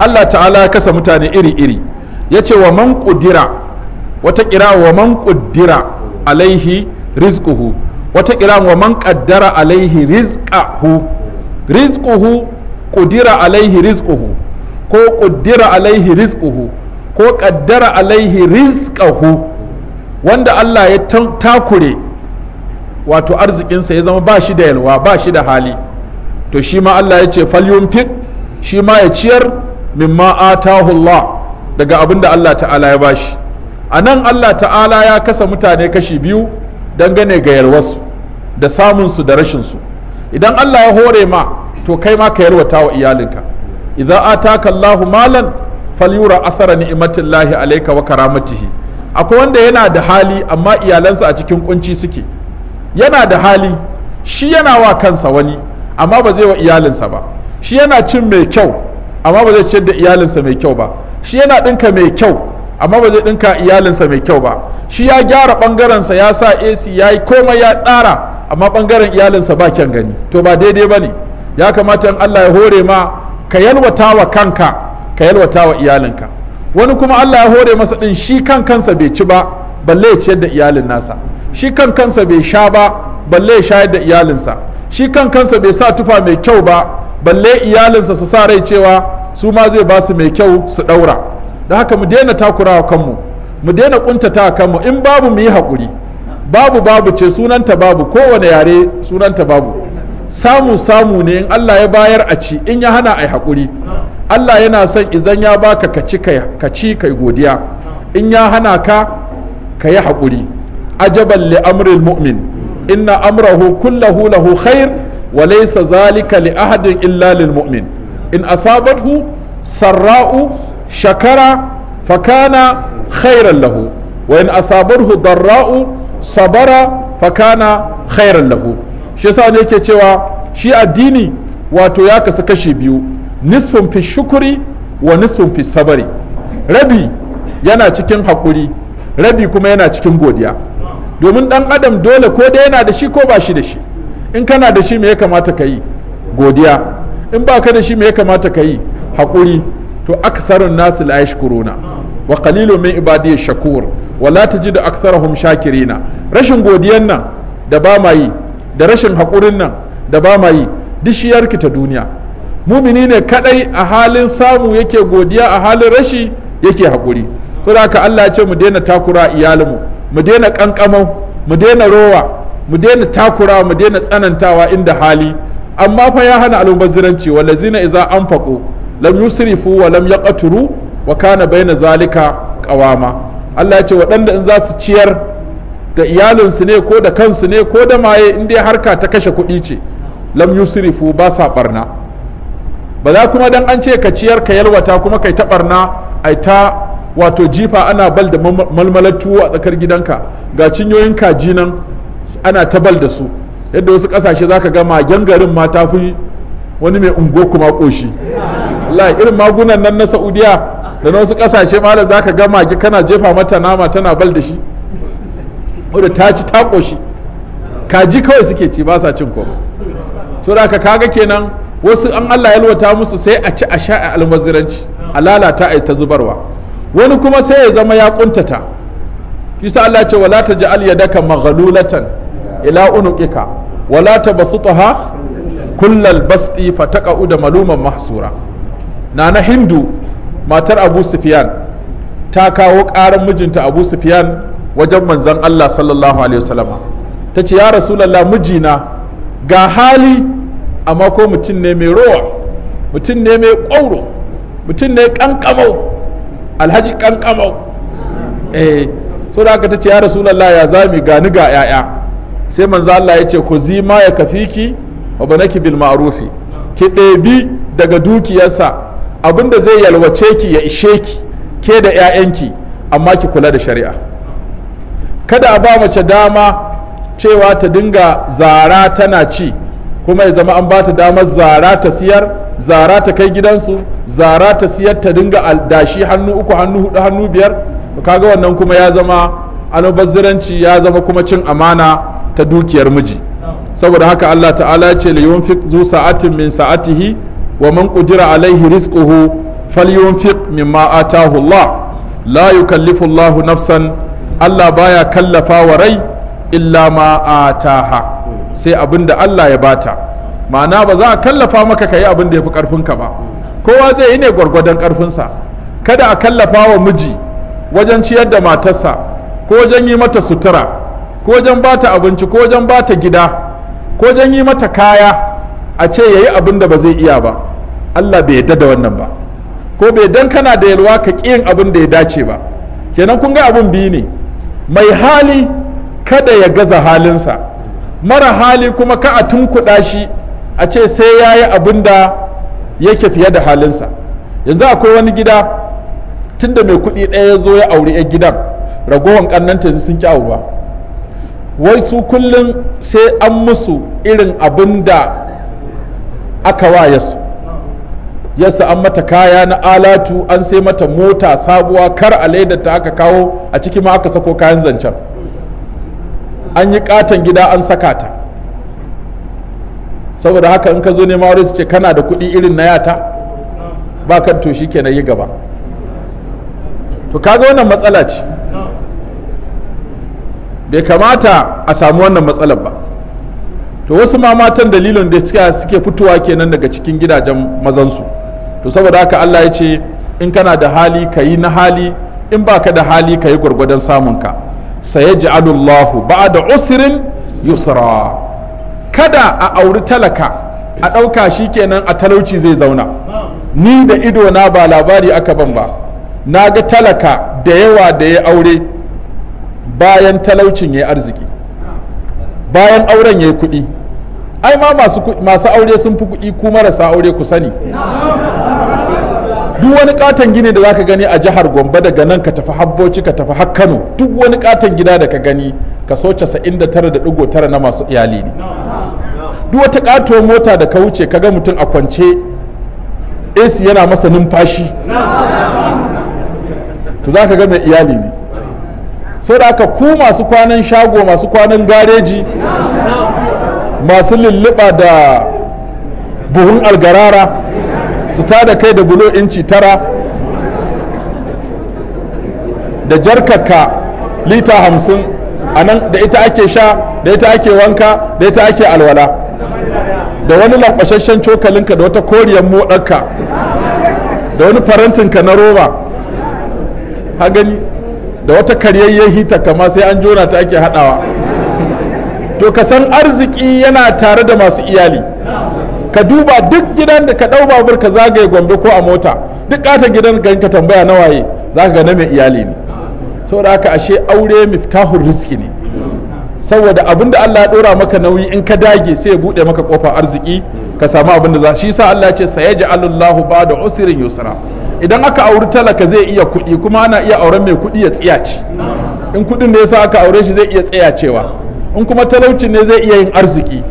Allah ta'ala ya kasa mutane iri-iri ya ce wa man ƙudira wata kira wa man ƙudira alaihi rizquhu wata kira wa man ƙaddara alaihi rizqahu rizquhu ƙudira alaihi rizquhu ko ƙudira alaihi rizquhu ko ƙaddara alaihi rizqahu wanda Allah ya takure wato arzikinsa ya zama ba shi da yalwa ba shi da hali to shi ma Allah ya ce falyunfik shi ma ya ciyar mimma atahu Allah daga abin da Allah ta'ala ya bashi a nan Allah ta'ala ya kasa mutane kashi biyu dangane ga yarwarsu da samunsu da rashinsu idan Allah ya hore ma to kai ma ka yarwata wa iyalinka idan ataka Allah malan falyura athara ni'matillahi alayka wa karamatihi akwai wanda yana da hali amma iyalansa a cikin kunci suke yana da hali shi yana wa kansa wani amma ba zai wa iyalinsa ba shi yana cin mai kyau amma ba zai ciyar da iyalinsa mai kyau ba shi yana ɗinka mai kyau amma ba zai ɗinka iyalinsa mai kyau ba shi ya gyara ɓangarensa ya sa ac ya yi komai ya tsara amma ɓangaren iyalinsa ba kyan gani to ba daidai ba ne ya kamata in allah ya hore ma ka yalwata wa kanka ka yalwata wa iyalinka wani kuma allah ya hore masa ɗin shi kan kansa bai ci ba balle ya ciyar da iyalin nasa shi kan kansa bai sha ba balle ya shayar da iyalinsa shi kan kansa bai sa tufa mai kyau ba balle iyalinsa su sa rai cewa su ma zai ba su mai kyau su ɗaura da haka mu daina takurawa kanmu mu daina ƙuntata kanmu in babu mu yi haƙuri babu babu ce sunanta babu kowane yare sunanta babu samu samu ne in Allah ya bayar a ci in ya hana ai haƙuri Allah yana son idan ya baka ka ci ka ci kai godiya in ya hana ka ka yi haƙuri ajaban li amril mu'min inna amrahu kullahu lahu khair wa laysa zalika li ahadin illa lil mu'min in asabathu sarra'u shakara fakana khairan lahu wa in asabathu darra'u sabara fakana khairan lahu shi yasa ne yake cewa shi addini wato ya kasu kashi biyu nisfin fi shukuri wa nisfin fi sabari rabi yana cikin hakuri rabi kuma yana cikin godiya domin dan adam dole ko da yana da shi ko ba shi da shi in kana da shi me ya kamata ka yi godiya in ba ka da shi me ya kamata ka yi haƙuri to aksarun nasu la yashkuruna wa ya min ibadiy shakur wa la tajidu aktharahum shakirina rashin godiyan nan da ba ma yi da rashin haƙurin nan da ba ma yi duk shi ta duniya mumini ne kadai a halin samu yake godiya a halin rashi yake haƙuri saboda Allah ya ce mu daina takura iyalinmu mu daina kankamau mu daina rowa mu daina takura mu daina tsanantawa inda hali amma fa ya hana almubazziranci wallazina idza anfaqu lam yusrifu wa lam yaqturu wa kana baina zalika qawama Allah ya ce waɗanda in za su ciyar da iyalinsu ne ko da kansu ne ko da maye in dai harka ta kashe kuɗi ce lam yusrifu ba sa barna ba za kuma dan an ce ka ciyar ka yalwata kuma kai ta barna ai ta wato jifa ana bal da malmalar a tsakar gidanka ga cinyoyin kaji nan ana ta bal da su yadda wasu kasashe zaka ga magen garin ma ta fi wani mai ungo kuma koshi la irin magunan nan na Saudiya da na wasu kasashe ma da zaka ga mage kana jefa mata nama tana bal da shi wadda ta ci ta koshi kaji kawai suke ci ba sa cin so da ka kaga kenan wasu an Allah ya lwata musu sai a ci a sha a almaziranci a lalata a ta zubarwa wani kuma sai ya zama ya kuntata shi sa Allah ce wala ya yadaka maghlulatan ila unuqika wala ta basu tabasutaha kullal ta ƙa'u da maluman Na na hindu matar abu sufyan ta kawo karan mijinta abu sufyan wajen manzan Allah sallallahu alaihi wasallam ta ce ya rasu lalla mijina ga hali amma ko mutum ne mai rowa mutum ne mai ƙwauro mutum ne ƙanƙamau alhaji ƙanƙamau eh so da aka ta ce ya rasu lalla ya za mu gani ga 'ya'ya sai manzo Allah ya ce ku zima ya kafiki wa banaki bil ma'rufi ki ɗebi daga dukiyarsa abinda zai yalwace ki ya ishe ki ke da 'ya'yanki amma ki kula da shari'a kada a ba mace dama cewa ta dinga zara tana ci kuma ya zama an ba ta damar zara ta siyar zara ta kai gidansu zara ta siyar ta dinga aldashi hannu uku hannu hudu hannu biyar kaga wannan kuma ya zama almubazziranci ya zama kuma cin amana ta dukiyar miji saboda haka Allah ta'ala ya ce li yunfiq zu sa'atin min sa'atihi wa man qudira alaihi rizquhu falyunfiq mimma atahu Allah la yukallifu Allah nafsan Allah baya kallafa wa rai illa ma ataha sai abinda Allah ya bata ma'ana ba za a kallafa maka kai abinda da yafi karfinka ba kowa zai yi ne gwargwadon karfinsa kada a kallafa wa miji wajen ciyar da matarsa ko wajen yi mata sutura ko wajen ba ta abinci ko wajen ba ta gida ko wajen yi mata kaya a ce ya abin da ba zai iya ba Allah bai yadda da wannan ba ko bai dan kana da yalwa ka yin abin da ya dace ba kenan kun ga abin biyu ne mai hali kada ya gaza halinsa mara hali kuma ka a tunkuɗa shi a ce sai ya yi abin da yake fiye da halinsa yanzu akwai wani gida tunda mai kuɗi ɗaya ya zo ya auri 'yan gidan ragowar ƙannanta sun ƙi auruwa wai su kullum sai an musu irin abin da aka waya su yasa an mata kaya na alatu an sai mata mota sabuwa kar a laidata aka kawo a ciki ma aka sako kayan zancen an yi katon gida an saka ta saboda haka in ka zo ne wuri ce kana da kuɗi irin na yata ba kan to shi kenan yi gaba to kaga wannan matsala ce bai kamata a samu wannan matsalar ba to wasu ma matan dalilin da suke suke fitowa kenan daga cikin gidajen mazansu to saboda haka Allah ya ce in kana da hali ka yi na hali in baka da hali ka yi gwargwadon samun ka sayaj'alullahu ba'da usrin yusra kada a auri talaka a ɗauka shi kenan a talauci zai zauna ni da ido na ba labari aka ban ba na ga talaka da yawa da ya aure bayan talaucin ya yi arziki bayan auren ya yi kuɗi ai ma masu aure sun fi kuɗi ku marasa aure ku sani duk wani katon gini da zaka gani a jihar gombe daga nan ka tafi habboci ka tafi har kano duk wani katon gida da ka gani ka kaso 99.9 na masu iyali ne duk wata kato mota da ka wuce ka ga mutum a kwance AC yana masa numfashi to zaka ga mai iyali ne sai da aka ku masu kwanan shago masu kwanan gareji masu lulluɓa da buhun algarara su ta da kai da bulo inci tara da jarkaka lita hamsin a nan da ita ake sha da ita ake wanka da ita ake alwala da wani lankwashashen cokalinka da wata koriyar moɗarka da wani farantinka na roba ha gani da wata karyayyen hita kama sai an jona ta ake haɗawa to ka san arziki yana tare da masu iyali ka duba duk gidan da ka ɗau babur ka zagaye gombe ko a mota duk kata gidan ka ka tambaya na waye za ka ga na mai iyali ne saboda haka ashe aure miftahun riski ne saboda abin da Allah ya dora maka nauyi in ka dage sai ya buɗe maka kofar arziki ka samu abin da za shi sa Allah ce sayaj'alullahu ba'da usrin yusra idan aka auri talaka zai iya kuɗi kuma ana iya auren mai kuɗi ya ce in kuɗin da ya sa aka aure shi zai iya cewa in kuma talaucin ne zai iya yin arziki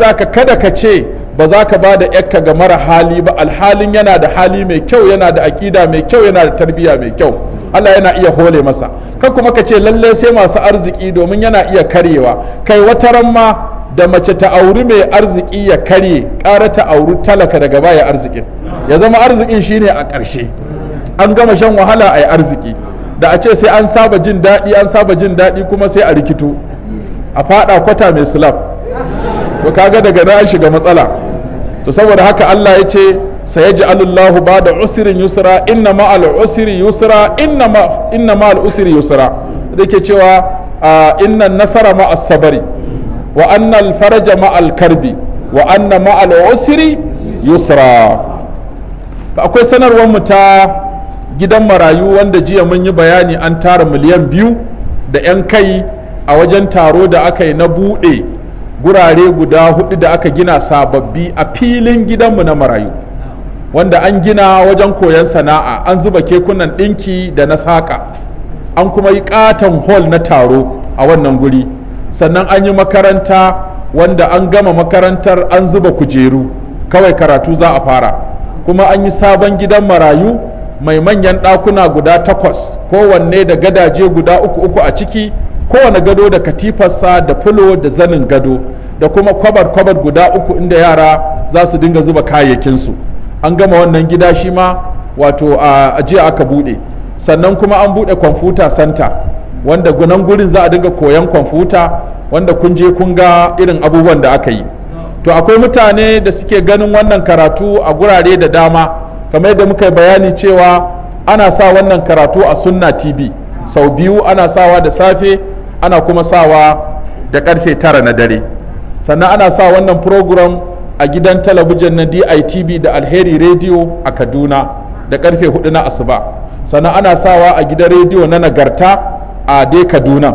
da haka kada ka ce ba za ka ba da yakka ga mara hali ba alhalin yana da hali mai kyau yana da aƙida mai kyau yana da tarbiyya mai kyau Allah yana iya hole masa kan kuma ka ce lallai sai masu arziki domin yana iya karyewa kai wataran ma da mace ta auri mai arziki ya karye ƙara ta auri talaka daga baya arzikin ya zama arzikin shine a ƙarshe an gama shan wahala a yi arziki da a ce sai an saba jin daɗi an saba jin daɗi kuma sai a rikito a faɗa kwata mai slap. to kaga daga na shiga matsala to saboda haka Allah ya ce ba da usirin yusra inna ma'al usri yusra inna ma inna ma'al usri yusra dake cewa ah, inna nasara ma'as sabari wa anna alfaraja ma'al karbi wa anna ma'al usri yusra akwai sanarwar mu ta gidan marayu wanda jiya mun yi bayani an tara miliyan biyu da 'yan kai a wajen taro da aka yi na buɗe gurare guda hudu da aka gina sababbi a filin gidanmu na marayu wanda an gina wajen koyon sana'a an zuba kekunan ɗinki da na saka an kuma yi ƙaton hall na taro a wannan guri sannan an yi makaranta wanda an gama makarantar an zuba kujeru kawai karatu za a fara kuma an yi sabon gidan marayu mai manyan ɗakuna guda takwas kowanne da gadaje guda uku uku a ciki kowane gado da katifarsa da fulo da zanin gado da kuma kwabar-kwabar guda uku inda yara za su dinga zuba kayayyakinsu an gama wannan gida shi ma wato a jiya aka buɗe sannan kuma an buɗe kwamfuta santa wanda gunan gurin za a dinga koyan kwamfuta wanda kun je kun ga irin abubuwan da aka yi to akwai mutane da suke ganin wannan karatu a gurare da dama kamar yadda muka bayani cewa ana sa wannan karatu a sunna tv sau biyu ana sawa da safe ana kuma sawa da karfe tara na dare sannan ana sa wannan program a gidan talabijin na ditv da alheri radio a kaduna da karfe hudu na asuba sannan ana sawa a gidan rediyo na nagarta a dai kaduna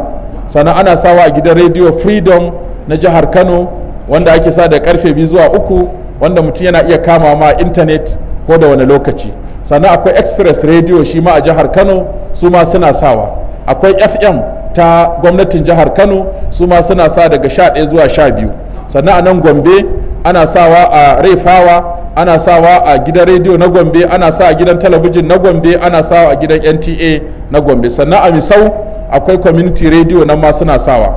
sannan ana sawa a gidan rediyo freedom na jihar kano wanda ake sa da karfe biyu zuwa uku wanda mutum yana iya kama ma intanet ko da wani lokaci sannan akwai express radio shi ma a jihar kano su ma suna sawa akwai fm ta gwamnatin jihar kano su ma suna sa daga sha ɗaya zuwa sha biyu sannan a nan gombe ana sawa a refawa ana sawa a gidan rediyo na gombe ana sa a gidan talabijin na gombe ana sawa a gidan nta na gombe sannan a misau akwai community radio nan ma suna sawa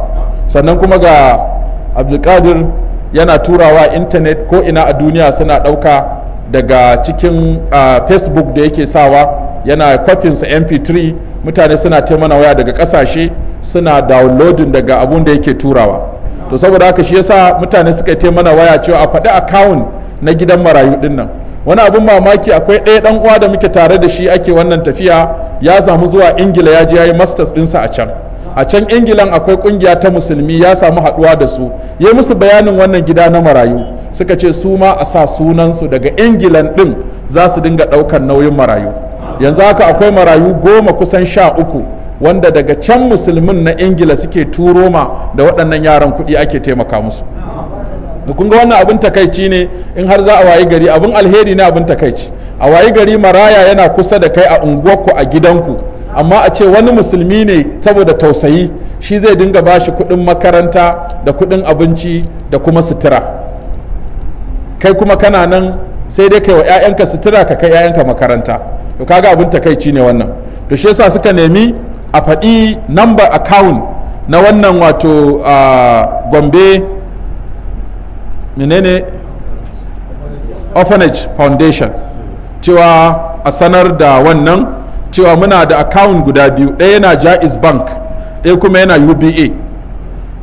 sannan kuma ga abdulkadir yana turawa intanet ko ina a duniya suna ɗauka daga cikin uh, facebook da yake sawa yana kwafinsa mp3 mutane suna taimana waya daga kasashe suna downloading daga abun da yake turawa to saboda haka shi yasa mutane suka yi mana waya cewa a faɗi account na gidan marayu ɗin wani abin mamaki akwai ɗaya ɗan uwa da muke tare da shi ake wannan tafiya ya samu zuwa ingila ya je ya yi masters sa a can a can ingilan akwai kungiya ta musulmi ya samu haduwa da su ya musu bayanin wannan gida na marayu suka ce su ma a sa sunansu daga ingilan din za su dinga daukan nauyin marayu yanzu haka akwai marayu goma kusan sha uku wanda daga can musulmin na ingila suke turo ma da waɗannan yaran kuɗi ake taimaka musu kun ga wannan abin takaici ne in har za a wayi gari abin alheri ne abin takaici a wayi gari maraya yana kusa da kai a unguwarku a gidanku amma a ce wani musulmi ne saboda tausayi shi zai dinga bashi kudin makaranta da kudin abinci da kuma sutura kai kuma kana nan sai dai kai wa 'ya'yanka sutura ka kai 'ya'yanka makaranta to kaga abin takaici ne wannan to shi yasa suka nemi a faɗi number account na wannan wato uh, gombe menene orphanage foundation cewa a sanar da wannan cewa muna da akawun guda biyu ɗaya yana jaiz bank ɗaya kuma yana uba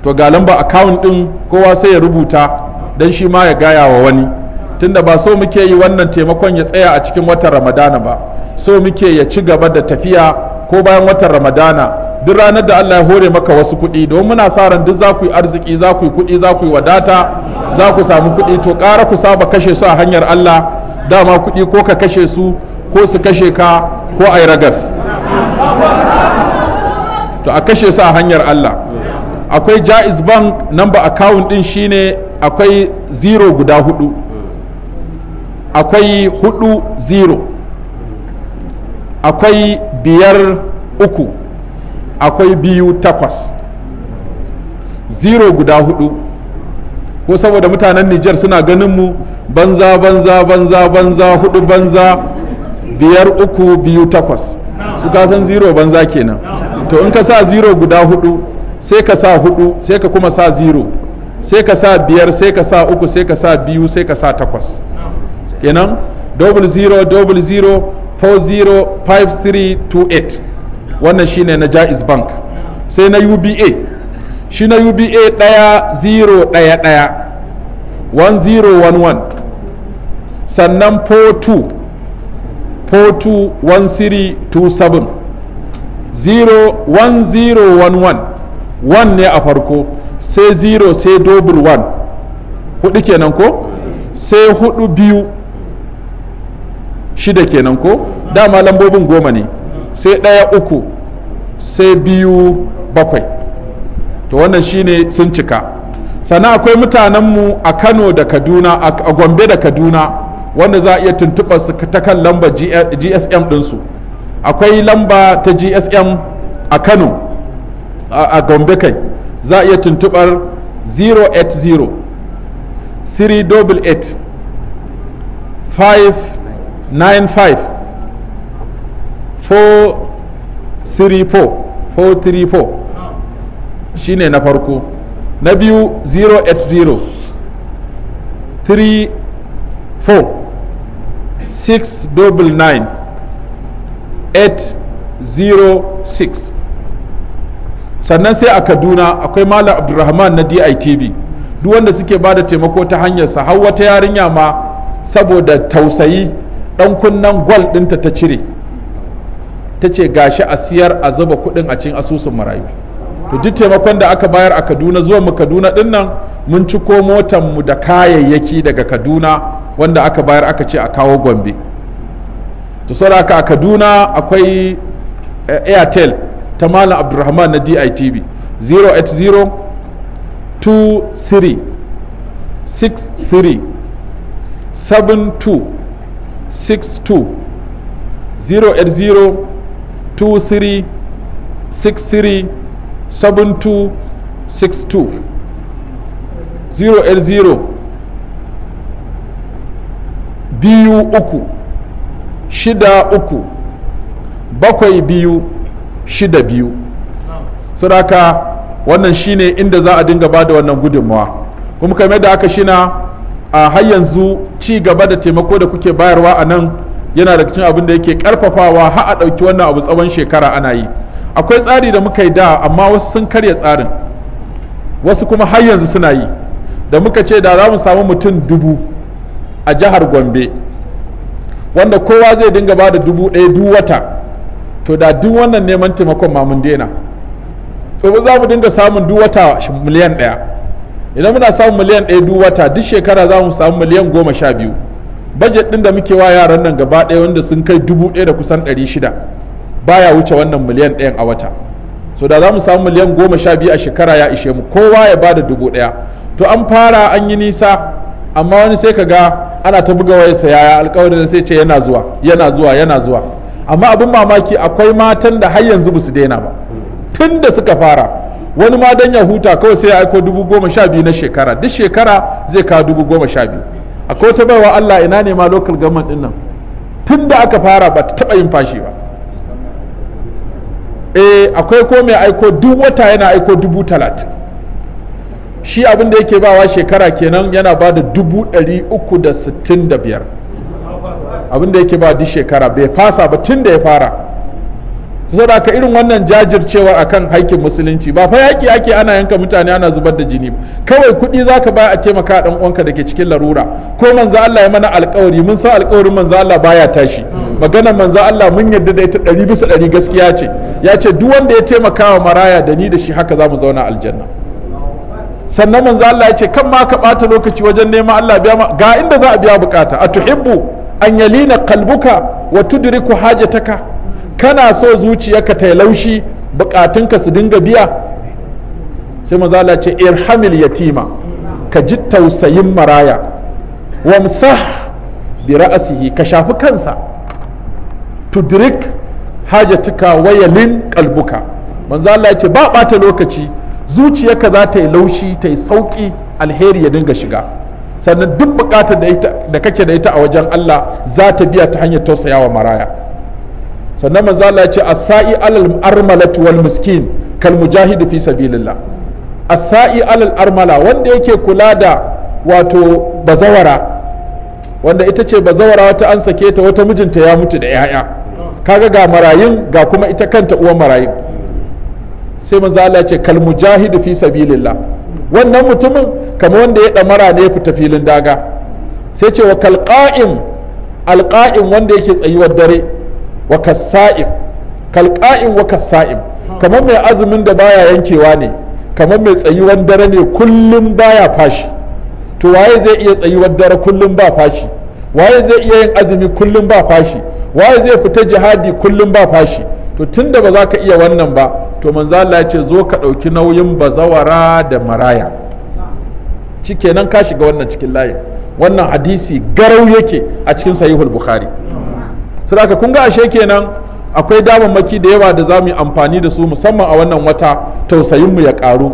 to ga lamba akawun ɗin kowa sai ya rubuta don shi ma ya gaya wa wani tunda ba so muke yi wannan taimakon ya tsaya a cikin watan ramadana ba so muke ya ci gaba da tafiya ko bayan watan ramadana duk ranar da Allah ya hore maka wasu kuɗi don muna sa ran duk za ku yi arziki za ku yi kuɗi za ku yi wadata za ku samu kuɗi to ƙara ku saba kashe su a hanyar Allah dama kuɗi ko ka kashe su ko su kashe ka ko a yi ragas to a kashe su a hanyar Allah akwai jaiz bank number account din shine akwai zero guda hudu akwai hudu zero akwai biyar uku akwai biyu takwas zero guda hudu ko saboda mutanen Nijar suna ganin mu banza banza banza banza hudu banza biyar uku biyu takwas su ka san zero banza kenan to in ka sa zero guda hudu sai ka sa hudu sai ka kuma sa zero sai ka sa biyar sai ka sa uku sai ka sa biyu sai ka sa takwas kenan double zero double zero four zero five three two eight wannan shine na jaiz bank sai na uba shi na uba daya zero daya daya one zero one one sannan 42 wan ne a farko sai 0 sai dobur 1 hudu kenan ko sai hudu biyu shida kenan ko dama lambobin goma ne sai ɗaya uku sai biyu bakwai to wannan shine sun cika sannan akwai mutanenmu a kano da kaduna a gombe da kaduna wanda za a iya tuntuɓar su ta kan lamba gsm ɗinsu akwai lamba ta gsm a kano a gombe kai za a iya tuntuɓar 080 388 595 434 shi ne na farko na biyu 080 3 4 six double nine eight zero six sannan sai a kaduna akwai malam abdulrahman na ditv duk wanda suke ba da taimako ta hanyar hanyarsa hau wata yarinya ma saboda tausayi dan kunnen gwal ɗinta ta cire ta ce gashi a siyar a zuba kuɗin a cikin asusun marayu to duk taimakon da aka bayar a kaduna zuwa mu kaduna ɗinnan mun ci ko motan mu da kayayyaki daga kaduna wanda aka bayar aka ce a kawo gombe to saboda haka a kaduna akwai eh, airtel ta malam abdulrahman na ditv 080 23 63 72 62 080 23 63 72 62 080 biyu uku shida uku bakwai biyu shida biyu saboda wannan shine inda za a dinga bada wannan gudunmawa kuma kamar da aka shina a har yanzu ci gaba da taimako da kuke bayarwa a nan yana da cikin abin da yake karfafawa har a ɗauki wannan abu tsawon shekara ana yi akwai tsari da muka yi da amma wasu sun karya tsarin wasu kuma har yanzu suna yi da muka ce da za mu samu mutum dubu a jihar gombe wanda kowa zai dinga ba da dubu ɗaya duk wata to da duk wannan neman taimakon ma mun daina to ba za mu dinga samun duk wata miliyan ɗaya idan muna samun miliyan ɗaya duk wata duk shekara za mu samu miliyan goma sha biyu bajet ɗin da muke wa yaran nan gaba ɗaya wanda sun kai dubu ɗaya da kusan ɗari shida baya wuce wannan miliyan ɗayan a wata so da za mu samu miliyan goma sha biyu a shekara ya ishe mu kowa ya ba da dubu ɗaya to an fara an yi nisa amma wani sai ka ga ana ta buga wayarsa yaya alkawarin sai ce yana zuwa yana zuwa yana zuwa amma abin mamaki akwai matan da har yanzu basu daina ba tun da suka fara wani ma dan ya huta kawai sai ya aiko dubu goma sha biyu na shekara duk shekara zai kawo dubu goma sha biyu akwai wata baiwa Allah ina ne ma local government din nan tun da aka fara ba ta taba yin fashi ba eh akwai ko mai aiko duk wata yana aiko dubu talatin shi abin da yake bawa shekara kenan yana ba da dubu ɗari uku da sittin da biyar abin da yake ba duk shekara bai fasa ba tun da ya fara so da irin wannan jajircewa a kan haikin musulunci ba fa yaƙi ake ana yanka mutane ana zubar da jini kawai kuɗi ka baya a taimaka ɗan uwanka da ke cikin larura ko manzo Allah ya mana alƙawari mun san alƙawarin manzo Allah baya tashi magana manzo Allah mun yarda da ita ɗari bisa ɗari gaskiya ce ya ce duk wanda ya taimaka wa maraya da ni da shi haka za mu zauna aljanna sannan manzo Allah ya ce kan ma ka bata lokaci wajen neman Allah biya ma ga inda za a biya bukata a tuhibbu an yalina qalbuka wa tudriku hajataka kana so zuciyarka ta laushi bukatunka su dinga biya sai manzo Allah ya ce irhamil yatima ka ji tausayin maraya wamsah bi ra'sihi ka shafi kansa tudrik hajataka wa yalin qalbuka manzo Allah ya ce ba bata lokaci zuciyarka za ta yi laushi ta yi sauƙi alheri ya dinga shiga sannan duk buƙatar da kake da ita a wajen Allah za ta biya ta hanyar tausayawa maraya sannan manzo ce as-sa'i alal armalati wal miskin kal mujahid fi sabilillah as-sa'i alal armala wanda yake kula da wato bazawara wanda ita ce bazawara wata an sake ta wata mijinta ya mutu da 'ya'ya kaga ga marayun ga kuma ita kanta uwan marayun sai manzo ce kal mujahidu fi sabilillah wannan mutumin kamar wanda ya damara ne ya fita filin daga sai ce wa kal qa'im al qa'im wanda yake tsayuwar dare wa kasa'im kal qa'im wa kasa'im kamar mai azumin da baya yankewa ne kamar mai tsayuwar dare ne kullum baya fashi to waye zai iya tsayuwar dare kullum ba fashi waye zai iya yin azumi kullum ba fashi waye zai fita jihadi kullum ba fashi to tunda ba za ka iya wannan ba to manzo Allah ya ce zo ka ɗauki nauyin bazawara da maraya nan ka shiga wannan cikin layin wannan hadisi garau yake a cikin sahihul bukhari aka kun ga ashe kenan akwai damammaki da yawa da zamu yi amfani da su musamman a wannan wata tausayin mu ya ƙaru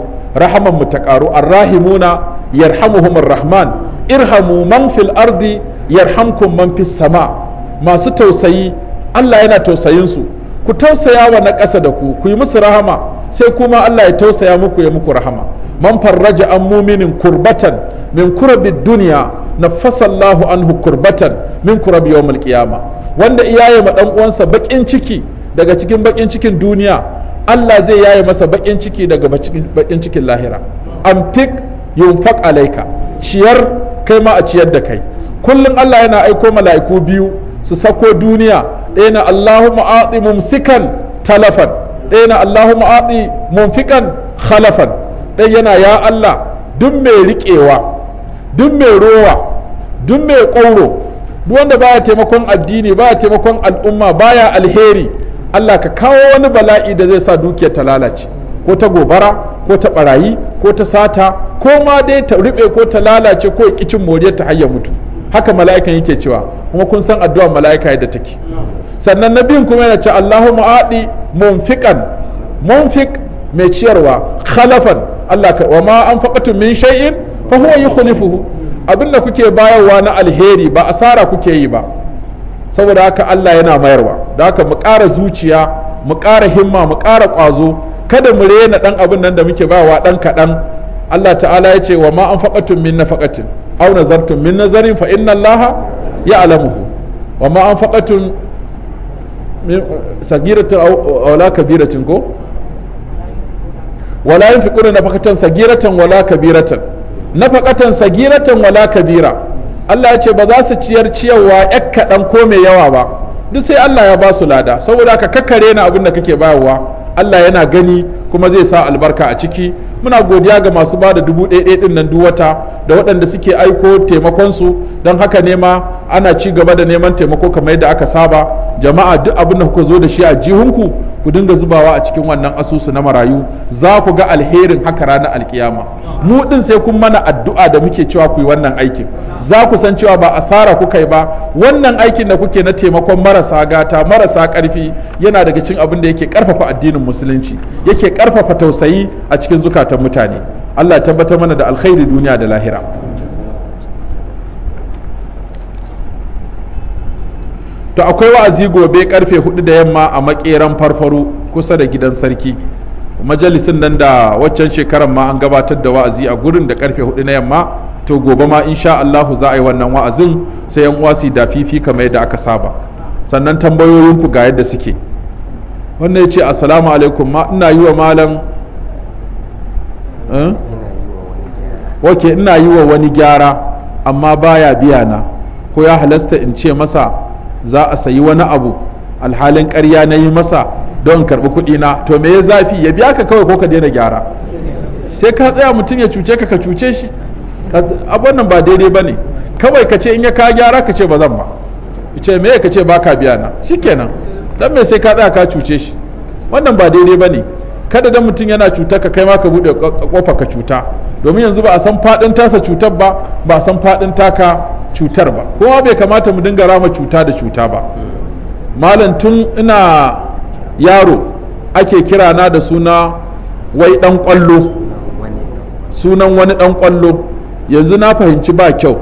mu ta karu arrahimuna yarhamuhumur rahman irhamu man fil ardi yarhamkum man fis sama masu tausayi Allah yana tausayin su ku tausaya wa na ƙasa da ku ku yi musu rahama sai kuma Allah ya tausaya muku ya muku rahama man farraja an muminin kurbatan min kurabi duniya na fasallahu anhu kurbatan min kurabi yawmul qiyama wanda iyaye ma dan uwansa bakin ciki daga cikin bakin cikin duniya Allah zai yaye masa bakin ciki daga baƙin cikin lahira an fik yunfaq alaika ciyar kai ma a ciyar da kai kullum Allah yana aiko mala'iku biyu su sako duniya ɗaya na Allahumma aɗi mumsikan talafan ɗaya na Allahumma aɗi mumfikan khalafan ɗaya yana ya Allah duk mai riƙewa duk mai rowa duk mai ƙauro duk wanda baya taimakon addini baya taimakon al'umma baya alheri Allah ka kawo wani bala'i da zai sa dukiya ta lalace ko ta gobara ko ta ɓarayi ko ta sata ko ma dai ta riɓe ko ta lalace ko ikicin moriyar ta hayya mutu haka mala'ikan yake cewa kuma kun san addu'a mala'ika yadda take sannan na biyun kuma yana ce allahu mu'adi munfiqan munfiq mai ciyarwa khalafan Allah ka wa ma anfaqatu min shay'in fa huwa yukhlifuhu abinda kuke bayarwa na alheri ba asara kuke yi ba saboda haka Allah yana mayarwa da haka mu ƙara zuciya mu ƙara himma mu ƙara ƙwazo kada mu rena dan abin nan da muke bawa dan kaɗan Allah ta'ala ya ce wa ma an faƙatun min nafaqatin aw nazartum min nazarin fa inna allaha ya'lamuhu wa ma anfaqatum sagiratin aw la kabiratin ko wala yunfiquna nafaqatan sagiratan wala kabiratan nafaqatan sagiratan wala kabira Allah ya ce ba za su ciyar ciyarwa yak kaɗan ko mai yawa ba duk sai Allah ya ba su lada saboda ka kakkare na abin da kake bayarwa Allah yana gani kuma zai sa albarka a ciki muna godiya ga masu bada da dubu ɗaya ɗin nan duk wata da waɗanda suke aiko taimakonsu don haka nema ana ci gaba da neman taimako kamar yadda aka saba jama'a duk abin da kuka zo da shi a jihunku ku dinga zubawa a cikin wannan asusu na marayu za ku ga alherin haka ranar alkiyama mu din sai kun mana addu'a da muke cewa ku yi wannan aikin za ku san cewa ba asara ku kai ba wannan aikin da kuke na taimakon marasa gata marasa karfi yana daga cikin abin da yake karfafa addinin musulunci yake karfafa tausayi a cikin zukatan mutane Allah tabbatar mana da alkhairi duniya da lahira to akwai wa'azi gobe karfe hudu da yamma a makeran farfaro kusa da gidan sarki majalisin nan da waccan shekaran ma an gabatar da wa'azi a gurin da karfe hudu na yamma to gobe ma insha Allahu za a yi wannan wa'azin sai yan uwa su da fifi kamar yadda aka saba sannan tambayoyinku ga yadda suke wannan ya ce assalamu alaikum ma ina yi wa malam eh? wake ina yi wa wani gyara amma baya biya na ko ya halasta in ce masa za a sayi wani abu alhalin karya na yi masa don karɓi kuɗi na to me ya zafi ya biya ka kawai ko ka daina gyara sai ka tsaya mutum ya cuce ka ka cuce shi abin nan ba daidai ba ne kawai ka ce in ya ka gyara ka ce ba zan ba ce me ka ce ba ka biya na shikenan dan me sai ka tsaya ka cuce shi wannan ba daidai ba ne kada dan mutum yana cutar ka kai ma ka bude kofa ka cuta domin yanzu ba a san fadin tasa cutar ba ba a san fadin taka cutar ba kuma bai kamata mu dinga rama cuta da cuta ba malam tun ina yaro ake kira na da suna wai dan kwallo sunan wani dan kwallo yanzu na fahimci ba kyau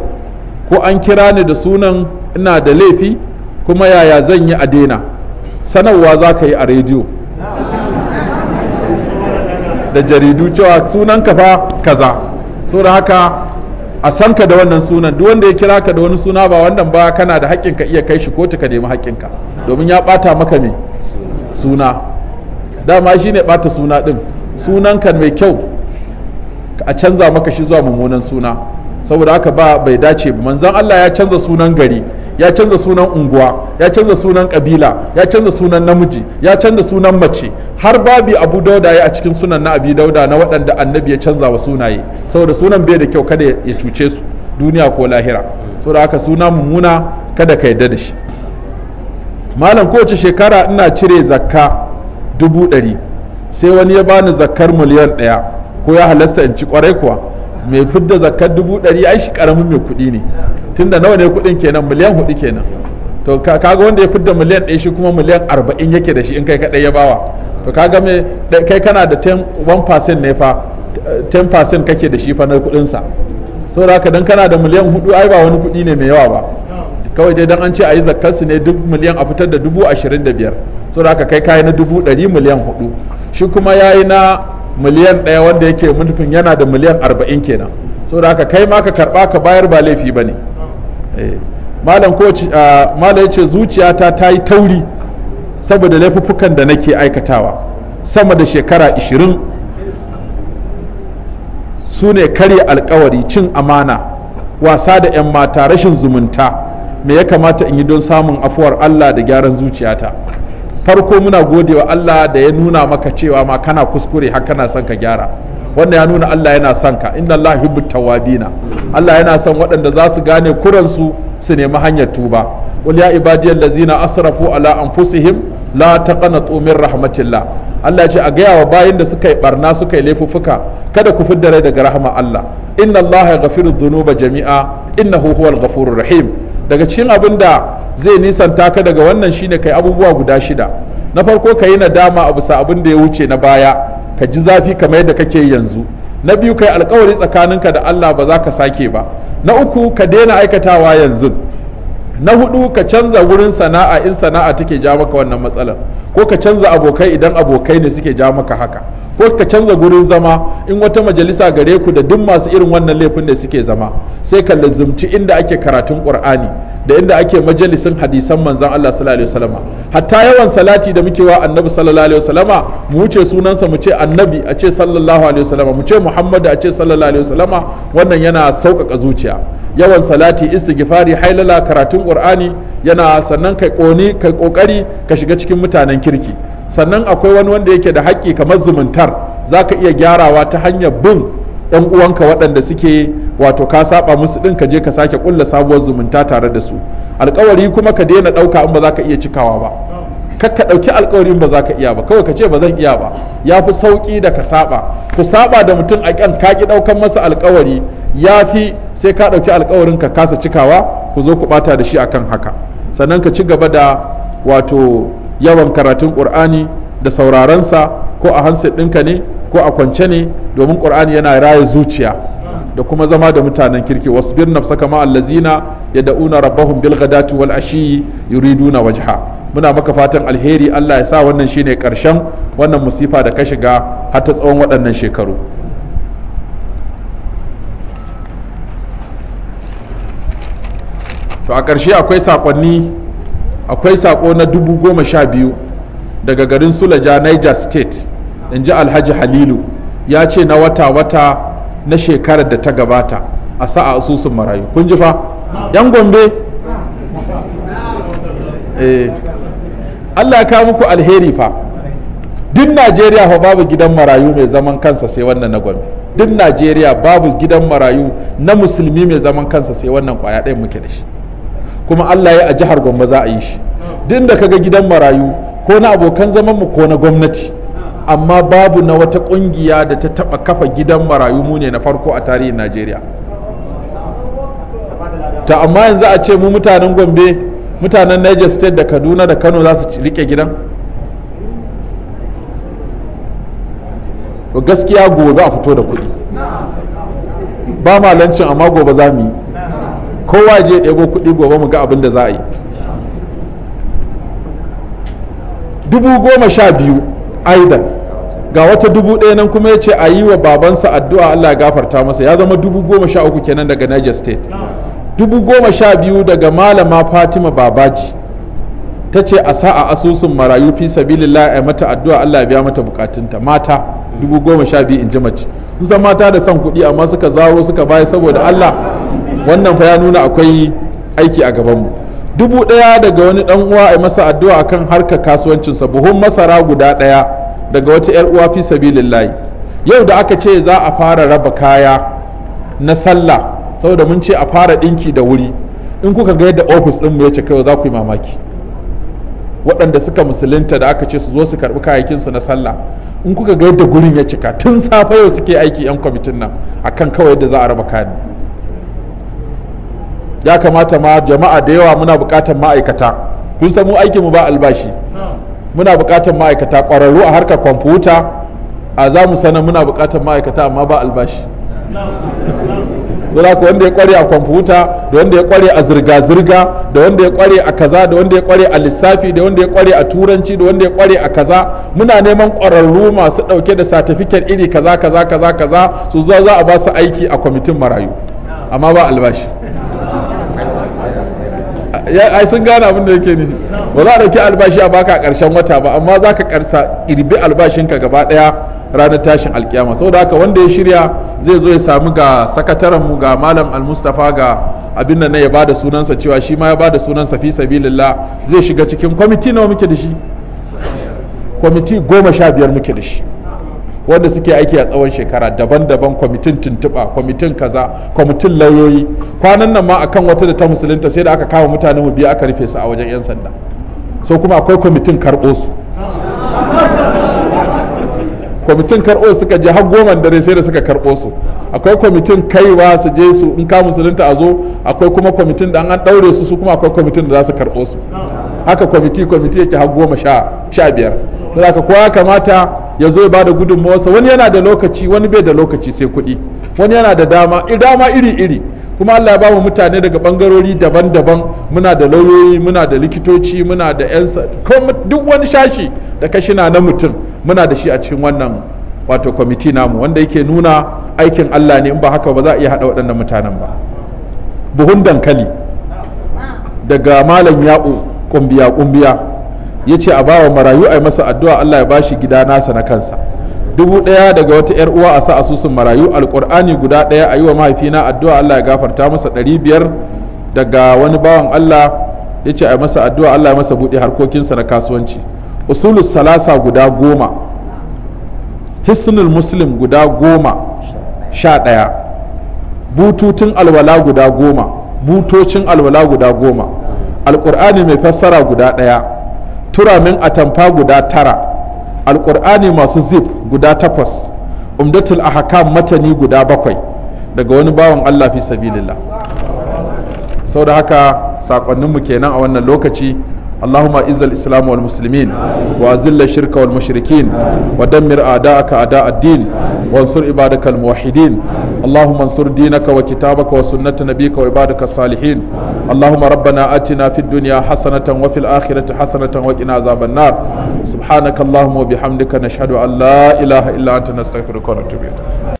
ko an kira ni da sunan ina da laifi kuma yaya zan yi a daina sanarwa za ka yi a rediyo da jaridu cewa sunan ka fa kaza da haka a san ka da wannan sunan duk wanda ya kira ka da wani suna ba wannan ba kana da haƙƙin ka iya kai shi ko ta ka nemi haƙƙin ka domin ya ɓata maka me suna dama ne ɓata suna ɗin sunan ka mai kyau a canza maka shi zuwa mummunan suna saboda haka ba bai dace ba manzon Allah ya canza sunan gari ya canza sunan unguwa ya canza sunan kabila ya canza sunan namiji ya canza sunan mace har babi abu dauda ya a cikin sunan na abi dauda na waɗanda annabi ya canza wa sunaye saboda sunan bai da kyau kada ya cuce su duniya ko lahira saboda haka suna mummuna kada ka yarda da shi malam kowace shekara ina cire zakka dubu ɗari sai wani ya bani zakkar miliyan ɗaya ko ya halasta in ci kwarai kuwa mai fidda zakkar dubu ɗari ai shi karamin mai kuɗi ne tunda nawa ne kuɗin kenan miliyan hudu kenan to kaga wanda ya fidda miliyan ɗaya shi kuma miliyan arba'in yake da shi in kai kaɗai ya bawa to kaga me kai kana da 1% ne fa 10% kake da shi fa na kuɗinsa saboda haka dan kana da miliyan hudu ai ba wani kuɗi ne mai yawa ba kawai dai dan an ce ayi yi zakkarsu ne duk miliyan a fitar da dubu ashirin da biyar saboda haka kai kayi na dubu ɗari miliyan hudu shi kuma ya yi na miliyan ɗaya wanda yake mulkin yana da miliyan arba'in kenan saboda haka kai ma ka karɓa ka bayar ba laifi ba ne Eh, malam ah, ya ce zuciyata ta yi tauri saboda laifuffukan da nake aikatawa sama da shekara ishirin su ne karya alkawari cin amana wasa da 'yan mata rashin zumunta me ya kamata in yi don samun afuwar allah da gyaran zuciyata farko muna godewa allah da ya nuna maka cewa ma kana kuskure har kana son ka gyara wannan ya nuna Allah yana son ka inna Allah yuhibbu tawabina Allah yana son waɗanda za su gane kuransu su nemi hanyar tuba qul ya ibadiyal ladzina asrafu ala anfusihim la taqnatu min rahmatillah Allah ya ce a gaya wa bayin da suka yi barna suka yi laifuffuka kada ku fidda rai daga rahama Allah inna Allah yaghfiru dhunuba jami'a innahu huwal ghafurur rahim daga cikin abin da zai nisanta ka daga wannan shine kai abubuwa guda shida na farko ka yi nadama abu sa abin da ya wuce na baya ka ji zafi kamar yadda kake yanzu na biyu kai alkawari tsakaninka da Allah ba za ka sake ba na uku ka daina aikatawa yanzu na hudu ka canza wurin sana'a in sana'a take ja maka wannan matsalar ko ka canza abokai idan abokai ne suke ja maka haka ko ka canza gurin zama in wata majalisa gare ku da duk masu irin wannan laifin da suke zama sai ka lazumci inda ake karatun qur'ani da yadda ake majalisin hadisan manzan Allah sallallahu alaihi wasallama hatta yawan salati da muke wa annabi sallallahu alaihi wasallama mu wuce sunansa mu ce annabi a ce sallallahu alaihi wasallama mu ce muhammadu a ce sallallahu alaihi wasallama wannan yana sauƙaƙa zuciya yawan salati istighfari hailala karatun qur'ani yana sannan kai koni kai kokari ka shiga cikin mutanen kirki sannan akwai wani wanda yake da haƙƙi kamar zumuntar zaka iya gyarawa ta hanyar bin ɗan uwanka waɗanda suke wato ka saba musu ɗin ka je ka sake kulla sabuwar zumunta tare da su alkawari kuma ka daina ɗauka in ba za ka iya cikawa ba kar ka ɗauki alkawari ba za ka iya ba kawai ka ce ba zan iya ba ya fi sauƙi da ka saba ku saba da mutum a kan ka ƙi ɗaukan masa alkawari ya fi sai ka ɗauki alkawarin ka kasa cikawa ku zo ku bata da shi akan haka sannan ka ci gaba da wato yawan karatun qur'ani da sauraron sa ko a hansi ɗinka ne ko a kwance ne domin ƙur'ani yana raya zuciya da kuma zama da mutanen kirki wasu wasbir nafsaka ma allazina ya da'una bil bilgadatu wal ashi waje ha muna maka fatan alheri Allah ya sa wannan shine karshen wannan musifa da ka shiga har tsawon waɗannan shekaru to a ƙarshe akwai saƙonni akwai saƙo na dubu goma sha biyu daga garin sulaja niger state in ji alhaji halilu ya ce na wata-wata na shekarar da ta gabata a sa'a asusun marayu kun ji fa yan gombe eh. Allah ya kawo muku alheri fa duk Najeriya fa babu gidan marayu mai zaman kansa sai wannan na gombe duk Najeriya babu gidan marayu na musulmi mai zaman kansa sai wannan kwaya ɗaya muke da shi kuma Allah ya a jihar Gombe za a yi shi duk da kaga gidan marayu ko na abokan zaman mu ko na gwamnati amma babu na wata kungiya da ta taba kafa gidan marayu mu ne na farko a tarihin najeriya ta amma yanzu a ce mu mutanen gombe mutanen niger state da kaduna da kano za su rike gidan gaskiya gobe a fito da kuɗi ba malancin amma gobe za mu yi kowa je ɗebo kuɗi gobe mu ga abin da za a yi dubu goma sha biyu aidan ga wata dubu ɗaya nan kuma ya ce a yi wa babansa addu'a Allah gafarta masa ya zama dubu goma sha uku kenan daga Niger State dubu goma sha biyu daga malama Fatima Babaji ta ce a sa'a asusun marayu fi sabilillah a mata addu'a Allah biya mata bukatunta mata dubu goma sha biyu in ji mace san mata da son kuɗi amma suka zaro suka baya saboda Allah wannan fa ya nuna akwai aiki a gabanmu dubu ɗaya daga wani ɗan uwa a masa addu'a akan harkar kasuwancinsa buhun masara guda ɗaya daga wata 'yar uwa fi sabilillahi yau da aka ce za a fara raba kaya na sallah saboda mun ce a fara dinki da wuri in kuka ga yadda ofis mu ya ce kai za ku yi mamaki waɗanda suka musulunta da aka ce su zo su karɓi su na sallah in kuka ga yadda gurin ya cika tun safe yau suke aiki 'yan kwamitin nan akan kawai yadda za a raba kayan ya kamata ma jama'a da yawa muna buƙatar ma'aikata kun san mu aikinmu ba albashi muna buƙatar ma'aikata ƙwararru a harkar kwamfuta a za mu sanar muna buƙatar ma'aikata amma ba albashi zura wanda ya kware a kwamfuta da wanda ya kware a zirga-zirga da wanda ya kware a kaza da wanda ya kware a lissafi da wanda ya kware a turanci da wanda ya kware a kaza muna neman ƙwararru masu ɗauke da satifiket iri kaza kaza kaza kaza su za a ba su aiki a kwamitin marayu amma ba albashi ai sun gane abin da yake nufi ba za a dauki albashi a baka a karshen wata ba amma za ka karsa irbi albashinka gaba daya ranar tashin alkiyama saboda haka wanda ya shirya zai zo ya samu ga sakataren mu ga malam almustafa ga abin da na ya bada sunansa cewa shi ma ya bada sunansa fi sabilillah zai shiga cikin kwamiti nawa muke da shi kwamiti goma sha biyar muke da shi wanda suke aiki a tsawon shekara daban-daban kwamitin tuntuɓa kwamitin kaza kwamitin lauyoyi kwanan nan ma akan wata da ta musulunta sai da aka kama mutane mu biya aka rufe su a wajen 'yan sanda so kuma akwai kwamitin karɓo su kwamitin karɓo suka je har goma dare sai da suka karɓo su akwai kwamitin kaiwa su je su in ka musulunta a zo akwai kuma kwamitin da an ɗaure su su kuma akwai kwamitin da za su karɓo su haka kwamiti kwamiti yake har goma sha biyar to haka kowa kamata ya zo ya bada gudunmawarsa wani yana da lokaci wani bai da lokaci sai kuɗi wani yana da dama dama iri iri kuma Allah ya bamu mutane daga bangarori daban-daban muna da lauyoyi muna da likitoci muna da yan duk wani shashi da kashina na mutum muna da shi a cikin wannan wato kwamiti namu wanda yake nuna aikin Allah ne in ba haka ba za a iya haɗa waɗannan mutanen ba buhun dankali daga malam yaƙo ƙumbiya kumbiya ya ce a bawa marayu a masa addu'a Allah ya ba shi gida nasa na kansa dubu ɗaya daga wata ‘yar uwa a sa asusun marayu alƙur'ani guda ɗaya a yi wa mahaifina addu'a Allah ya gafarta masa ɗari biyar daga wani bawan Allah ya ce a masa addu'a Allah ya masa buɗe harkokinsa na kasuwanci usulu salasa guda goma hisnul muslim guda goma sha ɗaya bututun alwala guda goma butocin alwala guda goma alƙur'ani mai fassara guda ɗaya turamin atamfa guda tara alƙur'ani masu zip guda takwas umdatul ahkam matani guda bakwai daga wani bawan Allah fi sabilillah sau da haka sakonninmu kenan a wannan lokaci اللهم اعز الاسلام والمسلمين واذل الشرك والمشركين ودمر اعداءك اعداء الدين وانصر عبادك الموحدين اللهم انصر دينك وكتابك وسنة نبيك وعبادك الصالحين اللهم ربنا اتنا في الدنيا حسنة وفي الاخرة حسنة وقنا عذاب النار سبحانك اللهم وبحمدك نشهد ان لا اله الا انت نستغفرك ونتوب اليك